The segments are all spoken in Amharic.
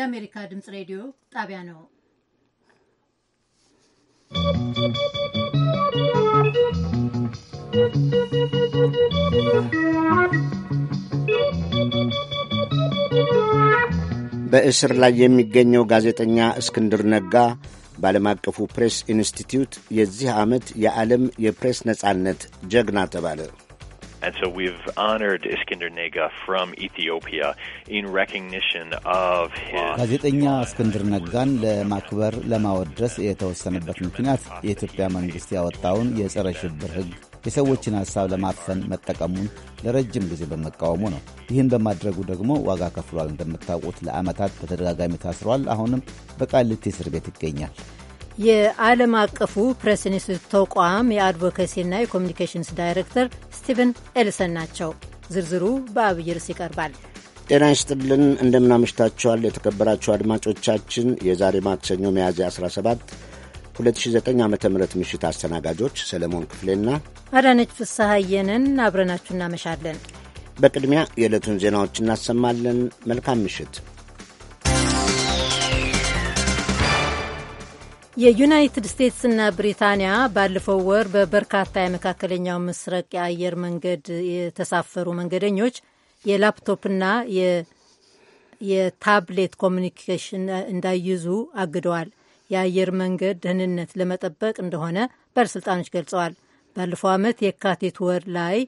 የአሜሪካ ድምፅ ሬዲዮ ጣቢያ ነው። በእስር ላይ የሚገኘው ጋዜጠኛ እስክንድር ነጋ በዓለም አቀፉ ፕሬስ ኢንስቲትዩት የዚህ ዓመት የዓለም የፕሬስ ነጻነት ጀግና ተባለ። And so we've honored Iskender Nega from Ethiopia in recognition of his. ጋዜጠኛ እስክንድር ነጋን ለማክበር ለማወደስ የተወሰነበት ምክንያት የኢትዮጵያ መንግስት ያወጣውን የጸረ ሽብር ሕግ የሰዎችን ሀሳብ ለማፈን መጠቀሙን ለረጅም ጊዜ በመቃወሙ ነው። ይህን በማድረጉ ደግሞ ዋጋ ከፍሏል። እንደምታውቁት ለዓመታት በተደጋጋሚ ታስሯል። አሁንም በቃሊቲ እስር ቤት ይገኛል። የዓለም አቀፉ ፕሬስ ኢንስቲትዩት ተቋም የአድቮኬሲና የኮሚኒኬሽንስ ዳይሬክተር ስቲቨን ኤልሰን ናቸው። ዝርዝሩ በአብይ ርዕስ ይቀርባል። ጤና ይስጥልን፣ እንደምናመሽታችኋል የተከበራችሁ አድማጮቻችን። የዛሬ ማክሰኞ ሚያዝያ 17 2009 ዓ ም ምሽት አስተናጋጆች ሰለሞን ክፍሌና አዳነች ፍስሐየንን አብረናችሁ እናመሻለን። በቅድሚያ የዕለቱን ዜናዎች እናሰማለን። መልካም ምሽት። የዩናይትድ ስቴትስና ብሪታንያ ባለፈው ወር በበርካታ የመካከለኛው ምስራቅ የአየር መንገድ የተሳፈሩ መንገደኞች የላፕቶፕና የታብሌት ኮሚኒኬሽን እንዳይይዙ አግደዋል። የአየር መንገድ ደህንነት ለመጠበቅ እንደሆነ ባለሥልጣኖች ገልጸዋል። ባለፈው ዓመት የካቲት ወር ላይ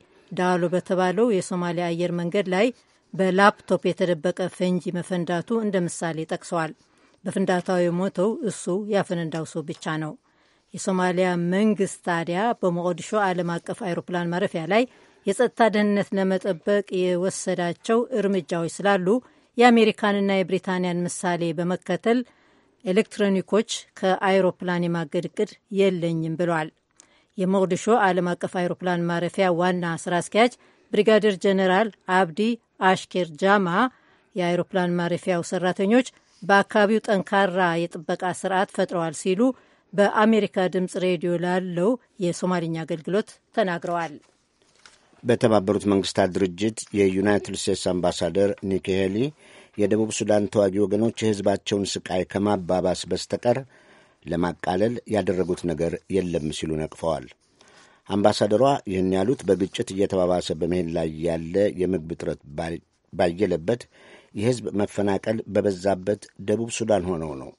ዳሎ በተባለው የሶማሊያ አየር መንገድ ላይ በላፕቶፕ የተደበቀ ፈንጂ መፈንዳቱ እንደ ምሳሌ ጠቅሰዋል። በፍንዳታው የሞተው እሱ ያፈነዳው ሰው ብቻ ነው። የሶማሊያ መንግስት ታዲያ በሞቃዲሾ ዓለም አቀፍ አይሮፕላን ማረፊያ ላይ የጸጥታ ደህንነት ለመጠበቅ የወሰዳቸው እርምጃዎች ስላሉ የአሜሪካንና የብሪታንያን ምሳሌ በመከተል ኤሌክትሮኒኮች ከአይሮፕላን የማገድ እቅድ የለኝም ብሏል። የሞቅዲሾ ዓለም አቀፍ አይሮፕላን ማረፊያ ዋና ስራ አስኪያጅ ብሪጋዴር ጀነራል አብዲ አሽኬር ጃማ የአይሮፕላን ማረፊያው ሰራተኞች በአካባቢው ጠንካራ የጥበቃ ስርዓት ፈጥረዋል ሲሉ በአሜሪካ ድምፅ ሬዲዮ ላለው የሶማሊኛ አገልግሎት ተናግረዋል። በተባበሩት መንግስታት ድርጅት የዩናይትድ ስቴትስ አምባሳደር ኒኪ ሄሊ የደቡብ ሱዳን ተዋጊ ወገኖች የሕዝባቸውን ስቃይ ከማባባስ በስተቀር ለማቃለል ያደረጉት ነገር የለም ሲሉ ነቅፈዋል። አምባሳደሯ ይህን ያሉት በግጭት እየተባባሰ በመሄድ ላይ ያለ የምግብ እጥረት ባየለበት የህዝብ መፈናቀል በበዛበት ደቡብ ሱዳን ሆነው ነው።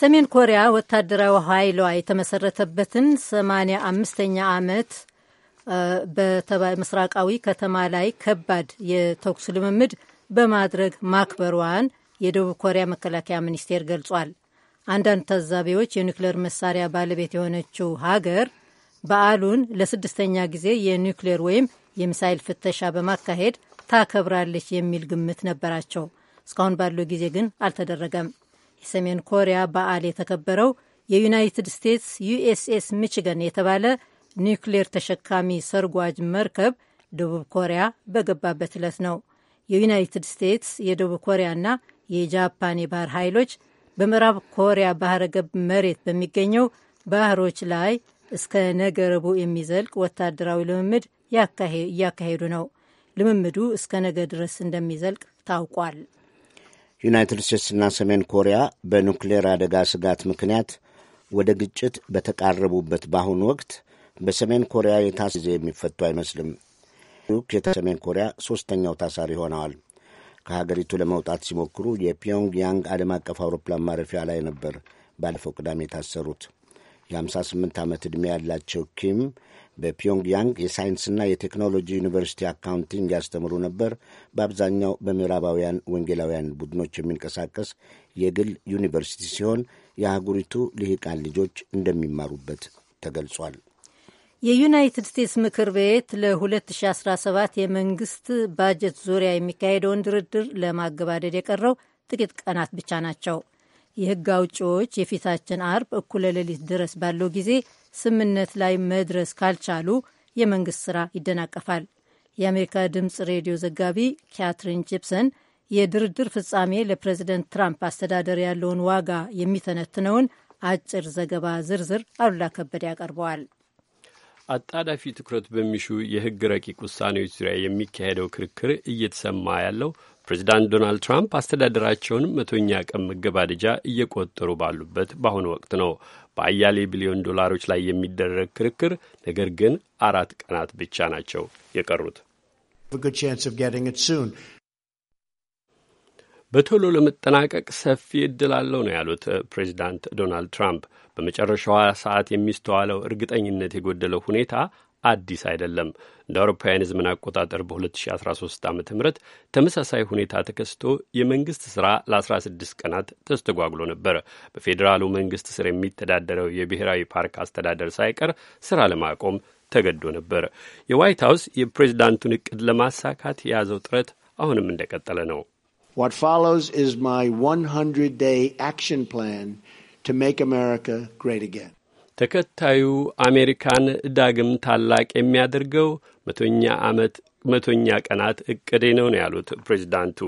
ሰሜን ኮሪያ ወታደራዊ ኃይሏ የተመሰረተበትን ሰማንያ አምስተኛ ዓመት በምስራቃዊ ከተማ ላይ ከባድ የተኩስ ልምምድ በማድረግ ማክበሯን የደቡብ ኮሪያ መከላከያ ሚኒስቴር ገልጿል። አንዳንድ ታዛቢዎች የኒውክሌር መሳሪያ ባለቤት የሆነችው ሀገር በዓሉን ለስድስተኛ ጊዜ የኒውክሌር ወይም የሚሳይል ፍተሻ በማካሄድ ታከብራለች የሚል ግምት ነበራቸው። እስካሁን ባለው ጊዜ ግን አልተደረገም። የሰሜን ኮሪያ በዓል የተከበረው የዩናይትድ ስቴትስ ዩኤስኤስ ሚችገን የተባለ ኒውክሌር ተሸካሚ ሰርጓጅ መርከብ ደቡብ ኮሪያ በገባበት ዕለት ነው። የዩናይትድ ስቴትስ የደቡብ ኮሪያና የጃፓን የባህር ኃይሎች በምዕራብ ኮሪያ ባህረ ገብ መሬት በሚገኘው ባህሮች ላይ እስከ ነገ ረቡዕ የሚዘልቅ ወታደራዊ ልምምድ እያካሄዱ ነው። ልምምዱ እስከ ነገ ድረስ እንደሚዘልቅ ታውቋል። ዩናይትድ ስቴትስና ሰሜን ኮሪያ በኑክሌር አደጋ ስጋት ምክንያት ወደ ግጭት በተቃረቡበት በአሁኑ ወቅት በሰሜን ኮሪያ የታሳ ጊዜ የሚፈቱ አይመስልም። ሰሜን ኮሪያ ሦስተኛው ታሳሪ ሆነዋል። ከሀገሪቱ ለመውጣት ሲሞክሩ የፒዮንግ ያንግ ዓለም አቀፍ አውሮፕላን ማረፊያ ላይ ነበር ባለፈው ቅዳሜ የታሰሩት። የ58 ዓመት ዕድሜ ያላቸው ኪም በፒዮንግያንግ የሳይንስና የቴክኖሎጂ ዩኒቨርሲቲ አካውንቲንግ ያስተምሩ ነበር። በአብዛኛው በምዕራባውያን ወንጌላውያን ቡድኖች የሚንቀሳቀስ የግል ዩኒቨርሲቲ ሲሆን የአህጉሪቱ ልሂቃን ልጆች እንደሚማሩበት ተገልጿል። የዩናይትድ ስቴትስ ምክር ቤት ለ2017 የመንግስት ባጀት ዙሪያ የሚካሄደውን ድርድር ለማገባደድ የቀረው ጥቂት ቀናት ብቻ ናቸው። የህግ አውጪዎች የፊታችን አርብ እኩለ ሌሊት ድረስ ባለው ጊዜ ስምምነት ላይ መድረስ ካልቻሉ የመንግስት ስራ ይደናቀፋል። የአሜሪካ ድምፅ ሬዲዮ ዘጋቢ ካትሪን ጂፕሰን የድርድር ፍጻሜ ለፕሬዚደንት ትራምፕ አስተዳደር ያለውን ዋጋ የሚተነትነውን አጭር ዘገባ ዝርዝር አሉላ ከበደ ያቀርበዋል። አጣዳፊ ትኩረት በሚሹ የህግ ረቂቅ ውሳኔዎች ዙሪያ የሚካሄደው ክርክር እየተሰማ ያለው ፕሬዚዳንት ዶናልድ ትራምፕ አስተዳደራቸውን መቶኛ ቀን መገባደጃ እየቆጠሩ ባሉበት በአሁኑ ወቅት ነው በአያሌ ቢሊዮን ዶላሮች ላይ የሚደረግ ክርክር። ነገር ግን አራት ቀናት ብቻ ናቸው የቀሩት። በቶሎ ለመጠናቀቅ ሰፊ እድል አለው ነው ያሉት ፕሬዚዳንት ዶናልድ ትራምፕ። በመጨረሻዋ ሰዓት የሚስተዋለው እርግጠኝነት የጎደለው ሁኔታ አዲስ አይደለም። እንደ አውሮፓውያን የዘመን አቆጣጠር በ2013 ዓ ም ተመሳሳይ ሁኔታ ተከስቶ የመንግስት ሥራ ለ16 ቀናት ተስተጓጉሎ ነበር። በፌዴራሉ መንግስት ስር የሚተዳደረው የብሔራዊ ፓርክ አስተዳደር ሳይቀር ስራ ለማቆም ተገዶ ነበር። የዋይት ሀውስ የፕሬዚዳንቱን እቅድ ለማሳካት የያዘው ጥረት አሁንም እንደቀጠለ ነው። What follows is my 100-day action plan to make America great again. ተከታዩ አሜሪካን ዳግም ታላቅ የሚያደርገው መቶኛ ዓመት መቶኛ ቀናት እቅዴ ነው ነው ያሉት ፕሬዚዳንቱ።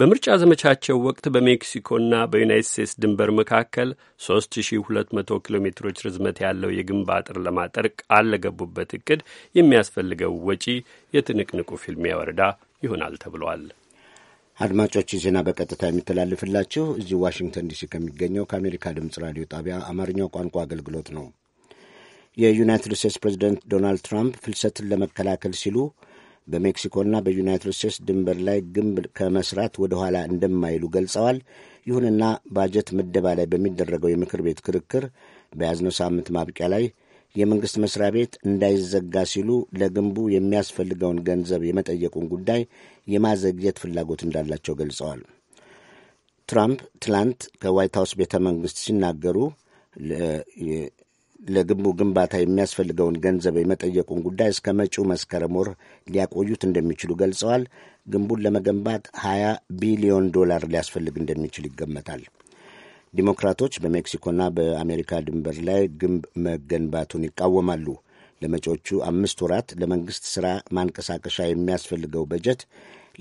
በምርጫ ዘመቻቸው ወቅት በሜክሲኮና በዩናይት ስቴትስ ድንበር መካከል 3200 ኪሎ ሜትሮች ርዝመት ያለው የግንብ አጥር ለማጠር ቃል ለገቡበት እቅድ የሚያስፈልገው ወጪ የትንቅንቁ ፊልሚያ ወረዳ ይሆናል ተብሏል። አድማጮች ዜና በቀጥታ የሚተላለፍላችሁ እዚህ ዋሽንግተን ዲሲ ከሚገኘው ከአሜሪካ ድምፅ ራዲዮ ጣቢያ አማርኛው ቋንቋ አገልግሎት ነው። የዩናይትድ ስቴትስ ፕሬዚደንት ዶናልድ ትራምፕ ፍልሰትን ለመከላከል ሲሉ በሜክሲኮና በዩናይትድ ስቴትስ ድንበር ላይ ግንብ ከመስራት ወደ ኋላ እንደማይሉ ገልጸዋል። ይሁንና ባጀት ምደባ ላይ በሚደረገው የምክር ቤት ክርክር በያዝነው ሳምንት ማብቂያ ላይ የመንግሥት መሥሪያ ቤት እንዳይዘጋ ሲሉ ለግንቡ የሚያስፈልገውን ገንዘብ የመጠየቁን ጉዳይ የማዘግየት ፍላጎት እንዳላቸው ገልጸዋል። ትራምፕ ትላንት ከዋይት ሀውስ ቤተ መንግሥት ሲናገሩ ለግንቡ ግንባታ የሚያስፈልገውን ገንዘብ የመጠየቁን ጉዳይ እስከ መጪው መስከረም ወር ሊያቆዩት እንደሚችሉ ገልጸዋል። ግንቡን ለመገንባት 20 ቢሊዮን ዶላር ሊያስፈልግ እንደሚችል ይገመታል። ዲሞክራቶች በሜክሲኮና በአሜሪካ ድንበር ላይ ግንብ መገንባቱን ይቃወማሉ። ለመጪዎቹ አምስት ወራት ለመንግሥት ሥራ ማንቀሳቀሻ የሚያስፈልገው በጀት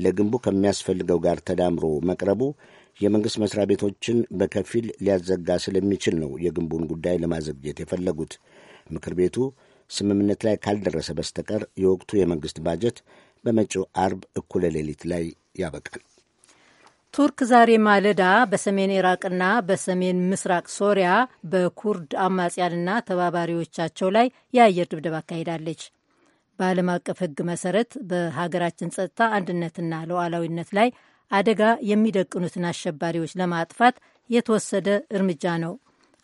ለግንቡ ከሚያስፈልገው ጋር ተዳምሮ መቅረቡ የመንግሥት መሥሪያ ቤቶችን በከፊል ሊያዘጋ ስለሚችል ነው የግንቡን ጉዳይ ለማዘግየት የፈለጉት። ምክር ቤቱ ስምምነት ላይ ካልደረሰ በስተቀር የወቅቱ የመንግሥት ባጀት በመጪው አርብ እኩለ ሌሊት ላይ ያበቃል። ቱርክ ዛሬ ማለዳ በሰሜን ኢራቅና በሰሜን ምስራቅ ሶሪያ በኩርድ አማጽያንና ተባባሪዎቻቸው ላይ የአየር ድብደባ አካሂዳለች። በዓለም አቀፍ ሕግ መሰረት በሀገራችን ጸጥታ አንድነትና ሉዓላዊነት ላይ አደጋ የሚደቅኑትን አሸባሪዎች ለማጥፋት የተወሰደ እርምጃ ነው።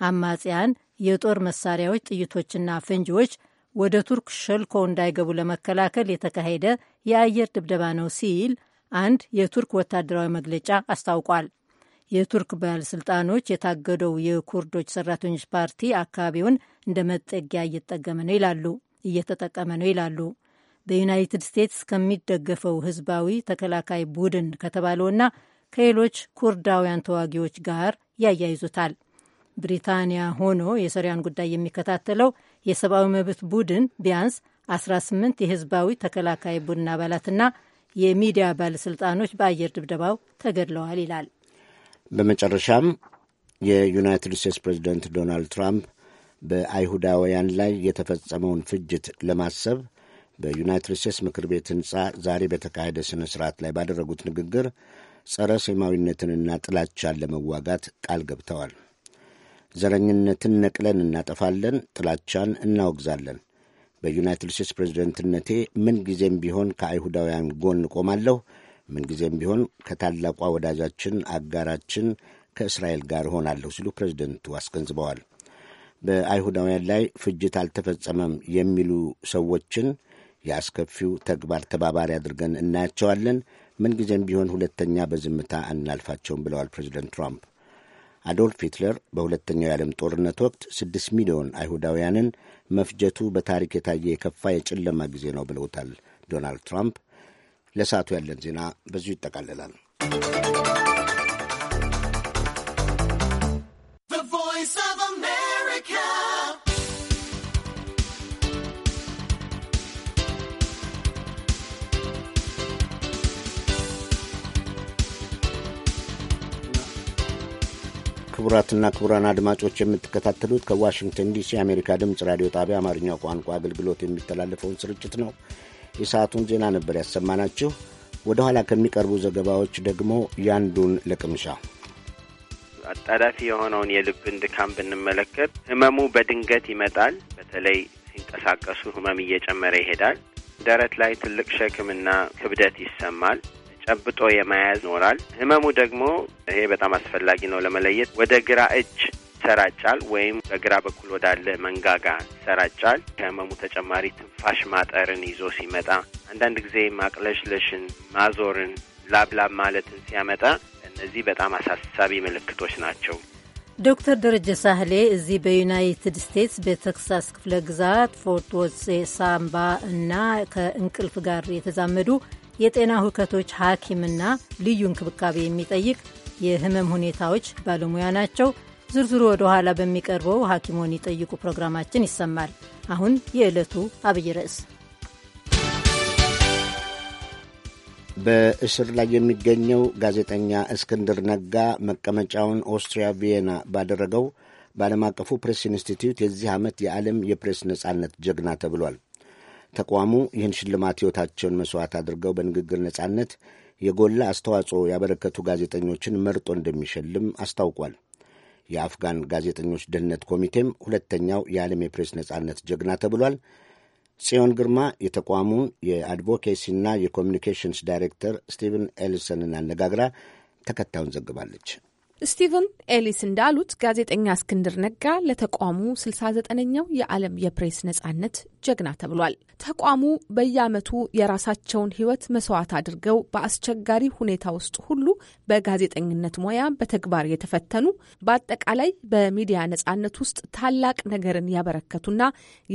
አማጽያን የጦር መሳሪያዎች፣ ጥይቶችና ፈንጂዎች ወደ ቱርክ ሸልኮ እንዳይገቡ ለመከላከል የተካሄደ የአየር ድብደባ ነው ሲል አንድ የቱርክ ወታደራዊ መግለጫ አስታውቋል። የቱርክ ባለሥልጣኖች የታገደው የኩርዶች ሰራተኞች ፓርቲ አካባቢውን እንደ መጠጊያ እየተጠቀመ ነው ይላሉ እየተጠቀመ ነው ይላሉ። በዩናይትድ ስቴትስ ከሚደገፈው ህዝባዊ ተከላካይ ቡድን ከተባለውና ከሌሎች ኩርዳውያን ተዋጊዎች ጋር ያያይዙታል። ብሪታንያ ሆኖ የሶሪያን ጉዳይ የሚከታተለው የሰብአዊ መብት ቡድን ቢያንስ 18 የህዝባዊ ተከላካይ ቡድን አባላትና የሚዲያ ባለስልጣኖች በአየር ድብደባው ተገድለዋል ይላል። በመጨረሻም የዩናይትድ ስቴትስ ፕሬዚደንት ዶናልድ ትራምፕ በአይሁዳውያን ላይ የተፈጸመውን ፍጅት ለማሰብ በዩናይትድ ስቴትስ ምክር ቤት ህንፃ ዛሬ በተካሄደ ሥነ ሥርዓት ላይ ባደረጉት ንግግር ጸረ ሴማዊነትንና ጥላቻን ለመዋጋት ቃል ገብተዋል። ዘረኝነትን ነቅለን እናጠፋለን፣ ጥላቻን እናወግዛለን፣ በዩናይትድ ስቴትስ ፕሬዚደንትነቴ ምንጊዜም ቢሆን ከአይሁዳውያን ጎን እቆማለሁ። ምንጊዜም ቢሆን ከታላቋ ወዳጃችን አጋራችን ከእስራኤል ጋር እሆናለሁ ሲሉ ፕሬዝደንቱ አስገንዝበዋል። በአይሁዳውያን ላይ ፍጅት አልተፈጸመም የሚሉ ሰዎችን የአስከፊው ተግባር ተባባሪ አድርገን እናያቸዋለን። ምንጊዜም ቢሆን ሁለተኛ በዝምታ አናልፋቸውም ብለዋል ፕሬዝደንት ትራምፕ። አዶልፍ ሂትለር በሁለተኛው የዓለም ጦርነት ወቅት ስድስት ሚሊዮን አይሁዳውያንን መፍጀቱ በታሪክ የታየ የከፋ የጨለማ ጊዜ ነው ብለውታል ዶናልድ ትራምፕ። ለሰዓቱ ያለን ዜና በዚሁ ይጠቃልላል። ክቡራትና ክቡራን አድማጮች የምትከታተሉት ከዋሽንግተን ዲሲ የአሜሪካ ድምፅ ራዲዮ ጣቢያ አማርኛው ቋንቋ አገልግሎት የሚተላለፈውን ስርጭት ነው። የሰዓቱን ዜና ነበር ያሰማናችሁ። ወደ ኋላ ከሚቀርቡ ዘገባዎች ደግሞ ያንዱን ለቅምሻ አጣዳፊ የሆነውን የልብን ድካም ብንመለከት ህመሙ በድንገት ይመጣል። በተለይ ሲንቀሳቀሱ ህመም እየጨመረ ይሄዳል። ደረት ላይ ትልቅ ሸክምና ክብደት ይሰማል። ጨብጦ የመያዝ ይኖራል። ህመሙ ደግሞ ይሄ በጣም አስፈላጊ ነው ለመለየት ወደ ግራ እጅ ይሰራጫል ወይም በግራ በኩል ወዳለ መንጋጋ ይሰራጫል። ከህመሙ ተጨማሪ ትንፋሽ ማጠርን ይዞ ሲመጣ፣ አንዳንድ ጊዜ ማቅለሽለሽን፣ ማዞርን፣ ላብላብ ማለትን ሲያመጣ እነዚህ በጣም አሳሳቢ ምልክቶች ናቸው። ዶክተር ደረጀ ሳህሌ እዚህ በዩናይትድ ስቴትስ በተክሳስ ክፍለ ግዛት ፎርት ወርዝ ሳምባ እና ከእንቅልፍ ጋር የተዛመዱ የጤና ሁከቶች ሐኪምና ልዩ እንክብካቤ የሚጠይቅ የህመም ሁኔታዎች ባለሙያ ናቸው። ዝርዝሩ ወደ ኋላ በሚቀርበው ሐኪሞን ይጠይቁ ፕሮግራማችን ይሰማል። አሁን የዕለቱ አብይ ርዕስ በእስር ላይ የሚገኘው ጋዜጠኛ እስክንድር ነጋ መቀመጫውን ኦስትሪያ ቪየና ባደረገው በዓለም አቀፉ ፕሬስ ኢንስቲትዩት የዚህ ዓመት የዓለም የፕሬስ ነጻነት ጀግና ተብሏል። ተቋሙ ይህን ሽልማት ሕይወታቸውን መሥዋዕት አድርገው በንግግር ነጻነት የጎላ አስተዋጽኦ ያበረከቱ ጋዜጠኞችን መርጦ እንደሚሸልም አስታውቋል። የአፍጋን ጋዜጠኞች ደህንነት ኮሚቴም ሁለተኛው የዓለም የፕሬስ ነጻነት ጀግና ተብሏል። ጽዮን ግርማ የተቋሙን የአድቮኬሲና የኮሚኒኬሽንስ ዳይሬክተር ስቲቨን ኤልሰንን አነጋግራ ተከታዩን ዘግባለች። ስቲቨን ኤሊስ እንዳሉት ጋዜጠኛ እስክንድር ነጋ ለተቋሙ 69ኛው የዓለም የፕሬስ ነጻነት ጀግና ተብሏል። ተቋሙ በየዓመቱ የራሳቸውን ሕይወት መስዋዕት አድርገው በአስቸጋሪ ሁኔታ ውስጥ ሁሉ በጋዜጠኝነት ሙያ በተግባር የተፈተኑ በአጠቃላይ በሚዲያ ነጻነት ውስጥ ታላቅ ነገርን ያበረከቱና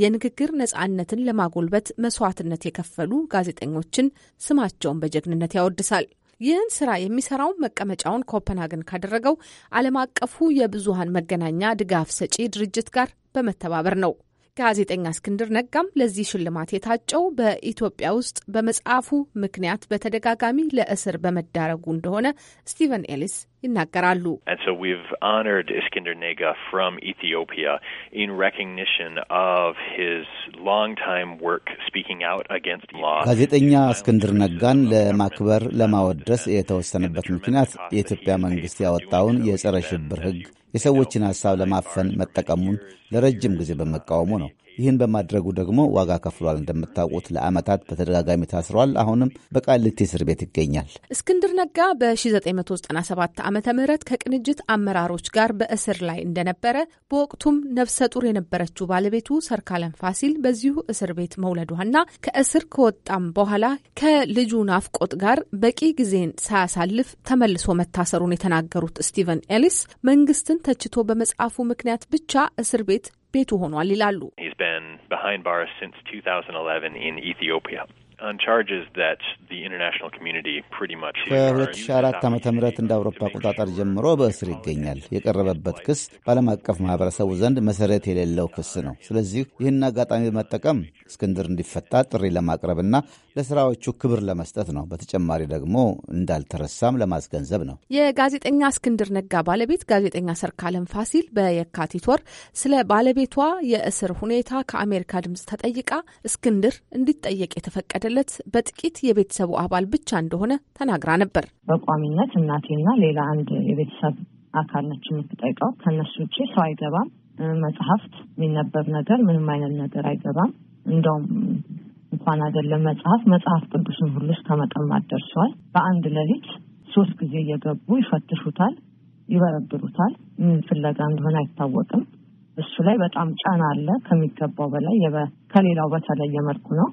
የንግግር ነጻነትን ለማጎልበት መስዋዕትነት የከፈሉ ጋዜጠኞችን ስማቸውን በጀግንነት ያወድሳል። ይህን ስራ የሚሰራው መቀመጫውን ኮፐንሃገን ካደረገው ዓለም አቀፉ የብዙሀን መገናኛ ድጋፍ ሰጪ ድርጅት ጋር በመተባበር ነው። ጋዜጠኛ እስክንድር ነጋም ለዚህ ሽልማት የታጨው በኢትዮጵያ ውስጥ በመጽሐፉ ምክንያት በተደጋጋሚ ለእስር በመዳረጉ እንደሆነ ስቲቨን ኤሊስ ይናገራሉ። እስክንድር ነጋ ፍሮም ኢትዮጵያ ኢን ሬኮግኒሽን ኦፍ ሂዝ ሎንግ ታይም ወርክ ስፒኪንግ አውት ጋዜጠኛ እስክንድር ነጋን ለማክበር ለማወደስ የተወሰነበት ምክንያት የኢትዮጵያ መንግስት ያወጣውን የጸረ ሽብር ህግ የሰዎችን ሐሳብ ለማፈን መጠቀሙን ለረጅም ጊዜ በመቃወሙ ነው ይህን በማድረጉ ደግሞ ዋጋ ከፍሏል። እንደምታውቁት ለአመታት በተደጋጋሚ ታስሯል። አሁንም በቃሊቲ እስር ቤት ይገኛል። እስክንድር ነጋ በ1997 ዓ ም ከቅንጅት አመራሮች ጋር በእስር ላይ እንደነበረ በወቅቱም ነፍሰ ጡር የነበረችው ባለቤቱ ሰርካለም ፋሲል በዚሁ እስር ቤት መውለዷና ከእስር ከወጣም በኋላ ከልጁ ናፍቆት ጋር በቂ ጊዜን ሳያሳልፍ ተመልሶ መታሰሩን የተናገሩት ስቲቨን ኤሊስ መንግስትን ተችቶ በመጽሐፉ ምክንያት ብቻ እስር ቤት ቤቱ ሆኗል ይላሉ። been behind bars since 2011 in Ethiopia. on charges that the international community pretty much ከ2004 ዓ.ም እንደ አውሮፓ አቆጣጠር ጀምሮ በእስር ይገኛል። የቀረበበት ክስ በዓለም አቀፍ ማህበረሰቡ ዘንድ መሰረት የሌለው ክስ ነው። ስለዚህ ይህን አጋጣሚ በመጠቀም እስክንድር እንዲፈታ ጥሪ ለማቅረብና ለስራዎቹ ክብር ለመስጠት ነው። በተጨማሪ ደግሞ እንዳልተረሳም ለማስገንዘብ ነው። የጋዜጠኛ እስክንድር ነጋ ባለቤት ጋዜጠኛ ሰርካለም ፋሲል በየካቲት ወር ስለ ባለቤቷ የእስር ሁኔታ ከአሜሪካ ድምፅ ተጠይቃ እስክንድር እንዲጠየቅ የተፈቀደለት በጥቂት የቤተሰቡ አባል ብቻ እንደሆነ ተናግራ ነበር። በቋሚነት እናቴና ሌላ አንድ የቤተሰብ አካል ነች የምትጠይቀው። ከእነሱ ውጭ ሰው አይገባም። መጽሐፍት የሚነበብ ነገር ምንም አይነት ነገር አይገባም። እንደውም እንኳን አይደለም መጽሐፍ መጽሐፍ ቅዱስን ሁሉ እስከ መቀማት ደርሰዋል። በአንድ ሌሊት ሶስት ጊዜ እየገቡ ይፈትሹታል፣ ይበረብሩታል። ምን ፍለጋ እንደሆነ አይታወቅም። እሱ ላይ በጣም ጫና አለ፣ ከሚገባው በላይ ከሌላው በተለየ መልኩ ነው።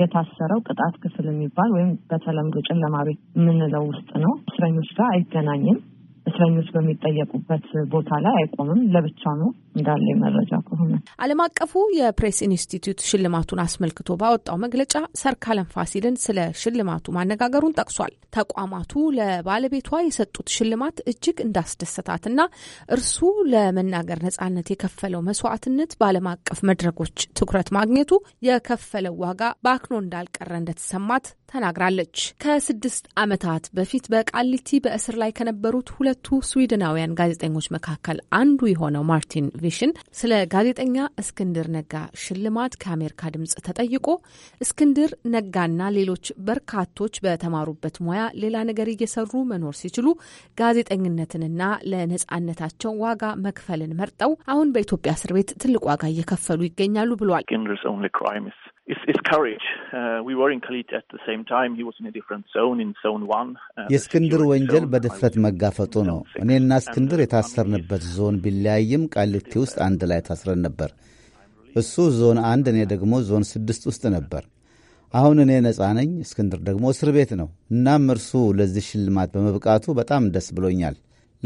የታሰረው ቅጣት ክፍል የሚባል ወይም በተለምዶ ጨለማ ቤት የምንለው ውስጥ ነው። እስረኞች ጋር አይገናኝም። እስረኞች በሚጠየቁበት ቦታ ላይ አይቆምም፣ ለብቻ ነው እንዳለ መረጃ ከሆነ። ዓለም አቀፉ የፕሬስ ኢንስቲትዩት ሽልማቱን አስመልክቶ ባወጣው መግለጫ ሰርካለም ፋሲልን ስለ ሽልማቱ ማነጋገሩን ጠቅሷል። ተቋማቱ ለባለቤቷ የሰጡት ሽልማት እጅግ እንዳስደሰታትና እርሱ ለመናገር ነጻነት የከፈለው መስዋዕትነት በዓለም አቀፍ መድረኮች ትኩረት ማግኘቱ የከፈለው ዋጋ በአክኖ እንዳልቀረ እንደተሰማት ተናግራለች። ከስድስት ዓመታት በፊት በቃሊቲ በእስር ላይ ከነበሩት ሁለቱ ስዊድናውያን ጋዜጠኞች መካከል አንዱ የሆነው ማርቲን ቪሽን ስለ ጋዜጠኛ እስክንድር ነጋ ሽልማት ከአሜሪካ ድምጽ ተጠይቆ እስክንድር ነጋና ሌሎች በርካቶች በተማሩበት ሙያ ሌላ ነገር እየሰሩ መኖር ሲችሉ ጋዜጠኝነትንና ለነጻነታቸው ዋጋ መክፈልን መርጠው አሁን በኢትዮጵያ እስር ቤት ትልቅ ዋጋ እየከፈሉ ይገኛሉ ብሏል። is, is courage. Uh, we were in Khalid at the same time. He was in a different zone, in zone one. Uh, የእስክንድር ወንጀል በድፍረት መጋፈጡ ነው። እኔና uh, እስክንድር የታሰርንበት ዞን ቢለያይም ቃሊቲ ውስጥ አንድ ላይ ታስረን ነበር። እሱ ዞን አንድ፣ እኔ ደግሞ ዞን ስድስት ውስጥ ነበር። አሁን እኔ ነፃ ነኝ፣ እስክንድር ደግሞ እስር ቤት ነው። እናም እርሱ ለዚህ ሽልማት በመብቃቱ በጣም ደስ ብሎኛል።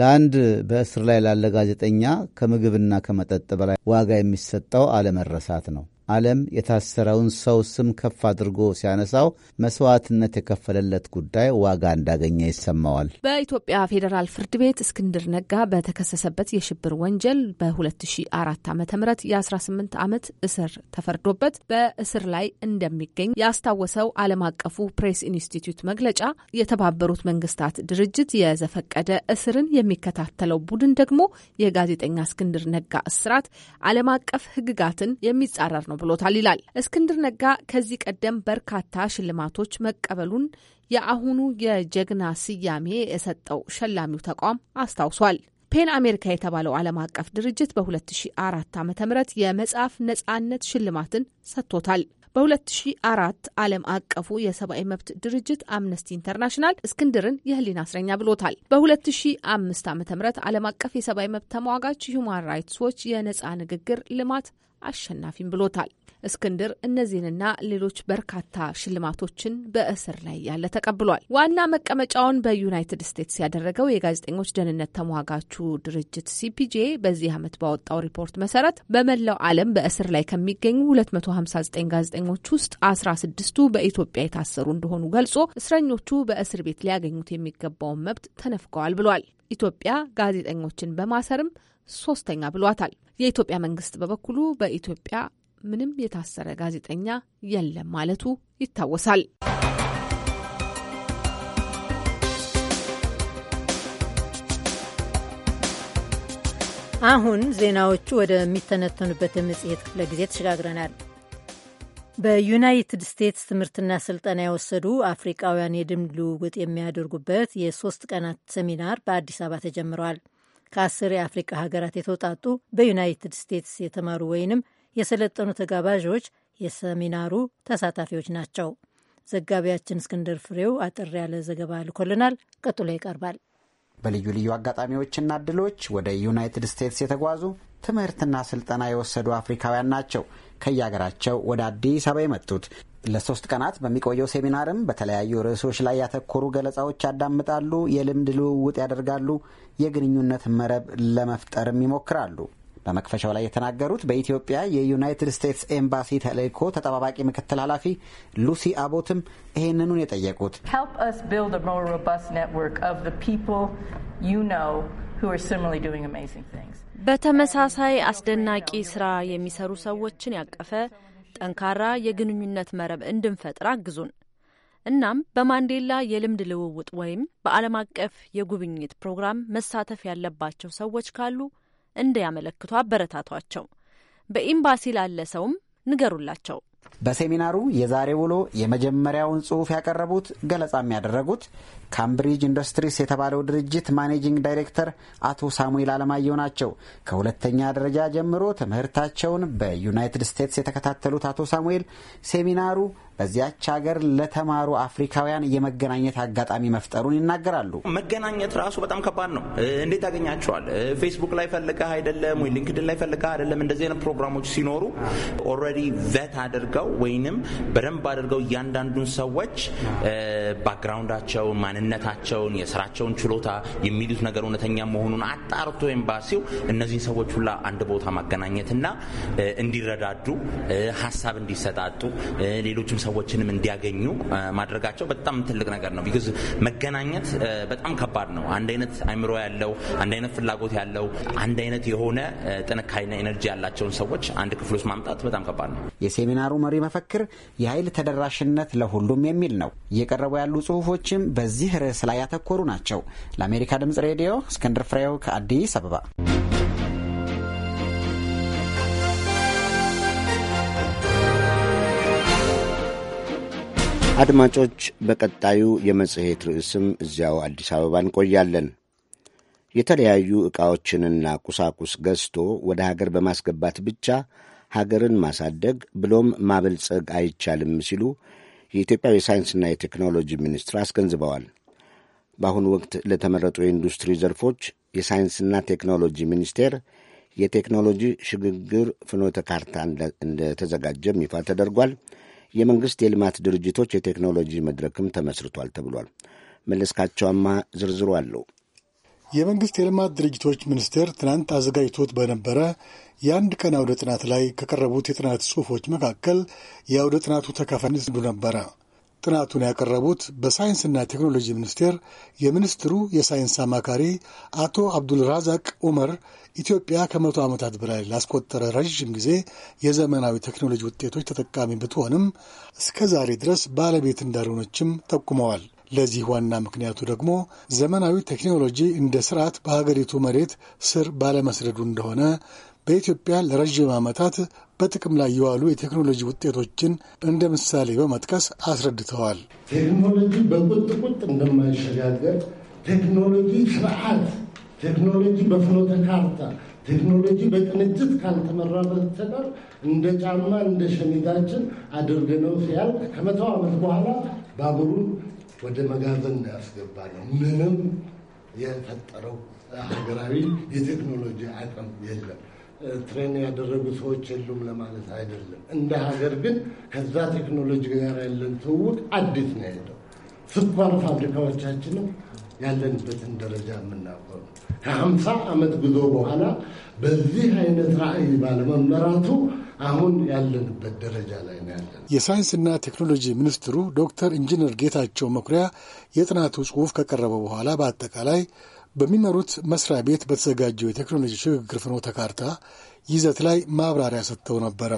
ለአንድ በእስር ላይ ላለ ጋዜጠኛ ከምግብና ከመጠጥ በላይ ዋጋ የሚሰጠው አለመረሳት ነው። ዓለም የታሰረውን ሰው ስም ከፍ አድርጎ ሲያነሳው መስዋዕትነት የከፈለለት ጉዳይ ዋጋ እንዳገኘ ይሰማዋል። በኢትዮጵያ ፌዴራል ፍርድ ቤት እስክንድር ነጋ በተከሰሰበት የሽብር ወንጀል በ2004 ዓ ም የ18 ዓመት እስር ተፈርዶበት በእስር ላይ እንደሚገኝ ያስታወሰው ዓለም አቀፉ ፕሬስ ኢንስቲትዩት መግለጫ፣ የተባበሩት መንግስታት ድርጅት የዘፈቀደ እስርን የሚከታተለው ቡድን ደግሞ የጋዜጠኛ እስክንድር ነጋ እስራት ዓለም አቀፍ ህግጋትን የሚጻረር ነው ብሎታል ይላል እስክንድር ነጋ። ከዚህ ቀደም በርካታ ሽልማቶች መቀበሉን የአሁኑ የጀግና ስያሜ የሰጠው ሸላሚው ተቋም አስታውሷል። ፔን አሜሪካ የተባለው ዓለም አቀፍ ድርጅት በ2004 ዓ ም የመጽሐፍ ነጻነት ሽልማትን ሰጥቶታል። በ2004 ዓለም አቀፉ የሰብአዊ መብት ድርጅት አምነስቲ ኢንተርናሽናል እስክንድርን የህሊና እስረኛ ብሎታል። በ2005 ዓ ም ዓለም አቀፍ የሰብአዊ መብት ተሟጋች ሁማን ራይትስ ዎች የነጻ ንግግር ልማት አሸናፊም ብሎታል። እስክንድር እነዚህንና ሌሎች በርካታ ሽልማቶችን በእስር ላይ ያለ ተቀብሏል። ዋና መቀመጫውን በዩናይትድ ስቴትስ ያደረገው የጋዜጠኞች ደህንነት ተሟጋቹ ድርጅት ሲፒጄ በዚህ ዓመት ባወጣው ሪፖርት መሰረት በመላው ዓለም በእስር ላይ ከሚገኙ 259 ጋዜጠኞች ውስጥ 16ቱ በኢትዮጵያ የታሰሩ እንደሆኑ ገልጾ እስረኞቹ በእስር ቤት ሊያገኙት የሚገባውን መብት ተነፍገዋል ብሏል። ኢትዮጵያ ጋዜጠኞችን በማሰርም ሶስተኛ ብሏታል። የኢትዮጵያ መንግስት በበኩሉ በኢትዮጵያ ምንም የታሰረ ጋዜጠኛ የለም ማለቱ ይታወሳል። አሁን ዜናዎቹ ወደሚተነተኑበት የመጽሔት ክፍለ ጊዜ ተሸጋግረናል። በዩናይትድ ስቴትስ ትምህርትና ስልጠና የወሰዱ አፍሪቃውያን የልምድ ልውውጥ የሚያደርጉበት የሶስት ቀናት ሴሚናር በአዲስ አበባ ተጀምረዋል። ከአስር የአፍሪቃ ሀገራት የተውጣጡ በዩናይትድ ስቴትስ የተማሩ ወይንም የሰለጠኑ ተጋባዦች የሰሚናሩ ተሳታፊዎች ናቸው። ዘጋቢያችን እስክንድር ፍሬው አጠር ያለ ዘገባ ልኮልናል። ቀጥሎ ይቀርባል። በልዩ ልዩ አጋጣሚዎችና እድሎች ወደ ዩናይትድ ስቴትስ የተጓዙ ትምህርትና ስልጠና የወሰዱ አፍሪካውያን ናቸው ከየሀገራቸው ወደ አዲስ አበባ የመጡት ለሶስት ቀናት በሚቆየው ሴሚናርም በተለያዩ ርዕሶች ላይ ያተኮሩ ገለጻዎች ያዳምጣሉ፣ የልምድ ልውውጥ ያደርጋሉ፣ የግንኙነት መረብ ለመፍጠርም ይሞክራሉ። በመክፈሻው ላይ የተናገሩት በኢትዮጵያ የዩናይትድ ስቴትስ ኤምባሲ ተልእኮ ተጠባባቂ ምክትል ኃላፊ ሉሲ አቦትም ይህንኑን የጠየቁት በተመሳሳይ አስደናቂ ስራ የሚሰሩ ሰዎችን ያቀፈ ጠንካራ የግንኙነት መረብ እንድንፈጥር አግዙን። እናም በማንዴላ የልምድ ልውውጥ ወይም በዓለም አቀፍ የጉብኝት ፕሮግራም መሳተፍ ያለባቸው ሰዎች ካሉ እንዲያመለክቱ አበረታቷቸው። በኤምባሲ ላለ ሰውም ንገሩላቸው። በሴሚናሩ የዛሬ ውሎ የመጀመሪያውን ጽሁፍ ያቀረቡት ገለጻም ያደረጉት ካምብሪጅ ኢንዱስትሪስ የተባለው ድርጅት ማኔጂንግ ዳይሬክተር አቶ ሳሙኤል አለማየሁ ናቸው። ከሁለተኛ ደረጃ ጀምሮ ትምህርታቸውን በዩናይትድ ስቴትስ የተከታተሉት አቶ ሳሙኤል ሴሚናሩ በዚያች ሀገር ለተማሩ አፍሪካውያን የመገናኘት አጋጣሚ መፍጠሩን ይናገራሉ። መገናኘት ራሱ በጣም ከባድ ነው። እንዴት ያገኛቸዋል? ፌስቡክ ላይ ፈልገህ አይደለም ወይ ሊንክድን ላይ ፈልገህ አይደለም። እንደዚህ አይነት ፕሮግራሞች ሲኖሩ ኦልሬዲ ቨት አድርገው ወይንም በደንብ አድርገው እያንዳንዱን ሰዎች ባክግራውንዳቸውን፣ ማንነታቸውን፣ የስራቸውን ችሎታ የሚሉት ነገር እውነተኛ መሆኑን አጣርቶ ኤምባሲው እነዚህን ሰዎች ሁላ አንድ ቦታ ማገናኘትና እንዲረዳዱ ሀሳብ እንዲሰጣጡ ሌሎችም ሰዎችንም እንዲያገኙ ማድረጋቸው በጣም ትልቅ ነገር ነው። ቢካዝ መገናኘት በጣም ከባድ ነው። አንድ አይነት አይምሮ ያለው፣ አንድ አይነት ፍላጎት ያለው፣ አንድ አይነት የሆነ ጥንካሬና ኤነርጂ ያላቸውን ሰዎች አንድ ክፍል ውስጥ ማምጣት በጣም ከባድ ነው። የሴሚናሩ መሪ መፈክር የኃይል ተደራሽነት ለሁሉም የሚል ነው። እየቀረቡ ያሉ ጽሁፎችም በዚህ ርዕስ ላይ ያተኮሩ ናቸው። ለአሜሪካ ድምጽ ሬዲዮ እስክንድር ፍሬው ከአዲስ አበባ አድማጮች፣ በቀጣዩ የመጽሔት ርዕስም እዚያው አዲስ አበባ እንቆያለን። የተለያዩ ዕቃዎችንና ቁሳቁስ ገዝቶ ወደ ሀገር በማስገባት ብቻ ሀገርን ማሳደግ ብሎም ማበልጸግ አይቻልም ሲሉ የኢትዮጵያ የሳይንስና የቴክኖሎጂ ሚኒስትር አስገንዝበዋል። በአሁኑ ወቅት ለተመረጡ የኢንዱስትሪ ዘርፎች የሳይንስና ቴክኖሎጂ ሚኒስቴር የቴክኖሎጂ ሽግግር ፍኖተ ካርታ እንደተዘጋጀም ይፋ ተደርጓል። የመንግሥት የልማት ድርጅቶች የቴክኖሎጂ መድረክም ተመስርቷል ተብሏል። መለስካቸዋማ ዝርዝሩ አለው። የመንግሥት የልማት ድርጅቶች ሚኒስቴር ትናንት አዘጋጅቶት በነበረ የአንድ ቀን አውደ ጥናት ላይ ከቀረቡት የጥናት ጽሑፎች መካከል የአውደ ጥናቱ ተካፋይ አንዱ ነበረ። ጥናቱን ያቀረቡት በሳይንስና ቴክኖሎጂ ሚኒስቴር የሚኒስትሩ የሳይንስ አማካሪ አቶ አብዱልራዛቅ ኡመር ኢትዮጵያ ከመቶ ዓመታት በላይ ላስቆጠረ ረዥም ጊዜ የዘመናዊ ቴክኖሎጂ ውጤቶች ተጠቃሚ ብትሆንም እስከ ዛሬ ድረስ ባለቤት እንዳልሆነችም ጠቁመዋል። ለዚህ ዋና ምክንያቱ ደግሞ ዘመናዊ ቴክኖሎጂ እንደ ስርዓት በሀገሪቱ መሬት ስር ባለመስደዱ እንደሆነ በኢትዮጵያ ለረዥም ዓመታት በጥቅም ላይ የዋሉ የቴክኖሎጂ ውጤቶችን እንደ ምሳሌ በመጥቀስ አስረድተዋል። ቴክኖሎጂ በቁጥቁጥ እንደማይሸጋገር ቴክኖሎጂ ስርዓት፣ ቴክኖሎጂ በፍኖተ ካርታ፣ ቴክኖሎጂ በቅንጅት ካልተመራ በስተቀር እንደ ጫማ እንደ ሸሚዛችን አድርገነው ሲያልቅ ከመቶ ዓመት በኋላ ባቡሩን ወደ መጋዘን ያስገባ ነው። ምንም የፈጠረው ሀገራዊ የቴክኖሎጂ አቅም የለም። ትሬን ያደረጉ ሰዎች የሉም ለማለት አይደለም። እንደ ሀገር ግን ከዛ ቴክኖሎጂ ጋር ያለን ትውውቅ አዲስ ነው ያለው። ስኳር ፋብሪካዎቻችንም ያለንበትን ደረጃ የምናውቀው ነው። ከሀምሳ ዓመት ጉዞ በኋላ በዚህ አይነት ራዕይ ባለመመራቱ አሁን ያለንበት ደረጃ ላይ ነው ያለን። የሳይንስና ቴክኖሎጂ ሚኒስትሩ ዶክተር ኢንጂነር ጌታቸው መኩሪያ የጥናቱ ጽሑፍ ከቀረበ በኋላ በአጠቃላይ በሚመሩት መስሪያ ቤት በተዘጋጀው የቴክኖሎጂ ሽግግር ፍኖተ ካርታ ይዘት ላይ ማብራሪያ ሰጥተው ነበረ።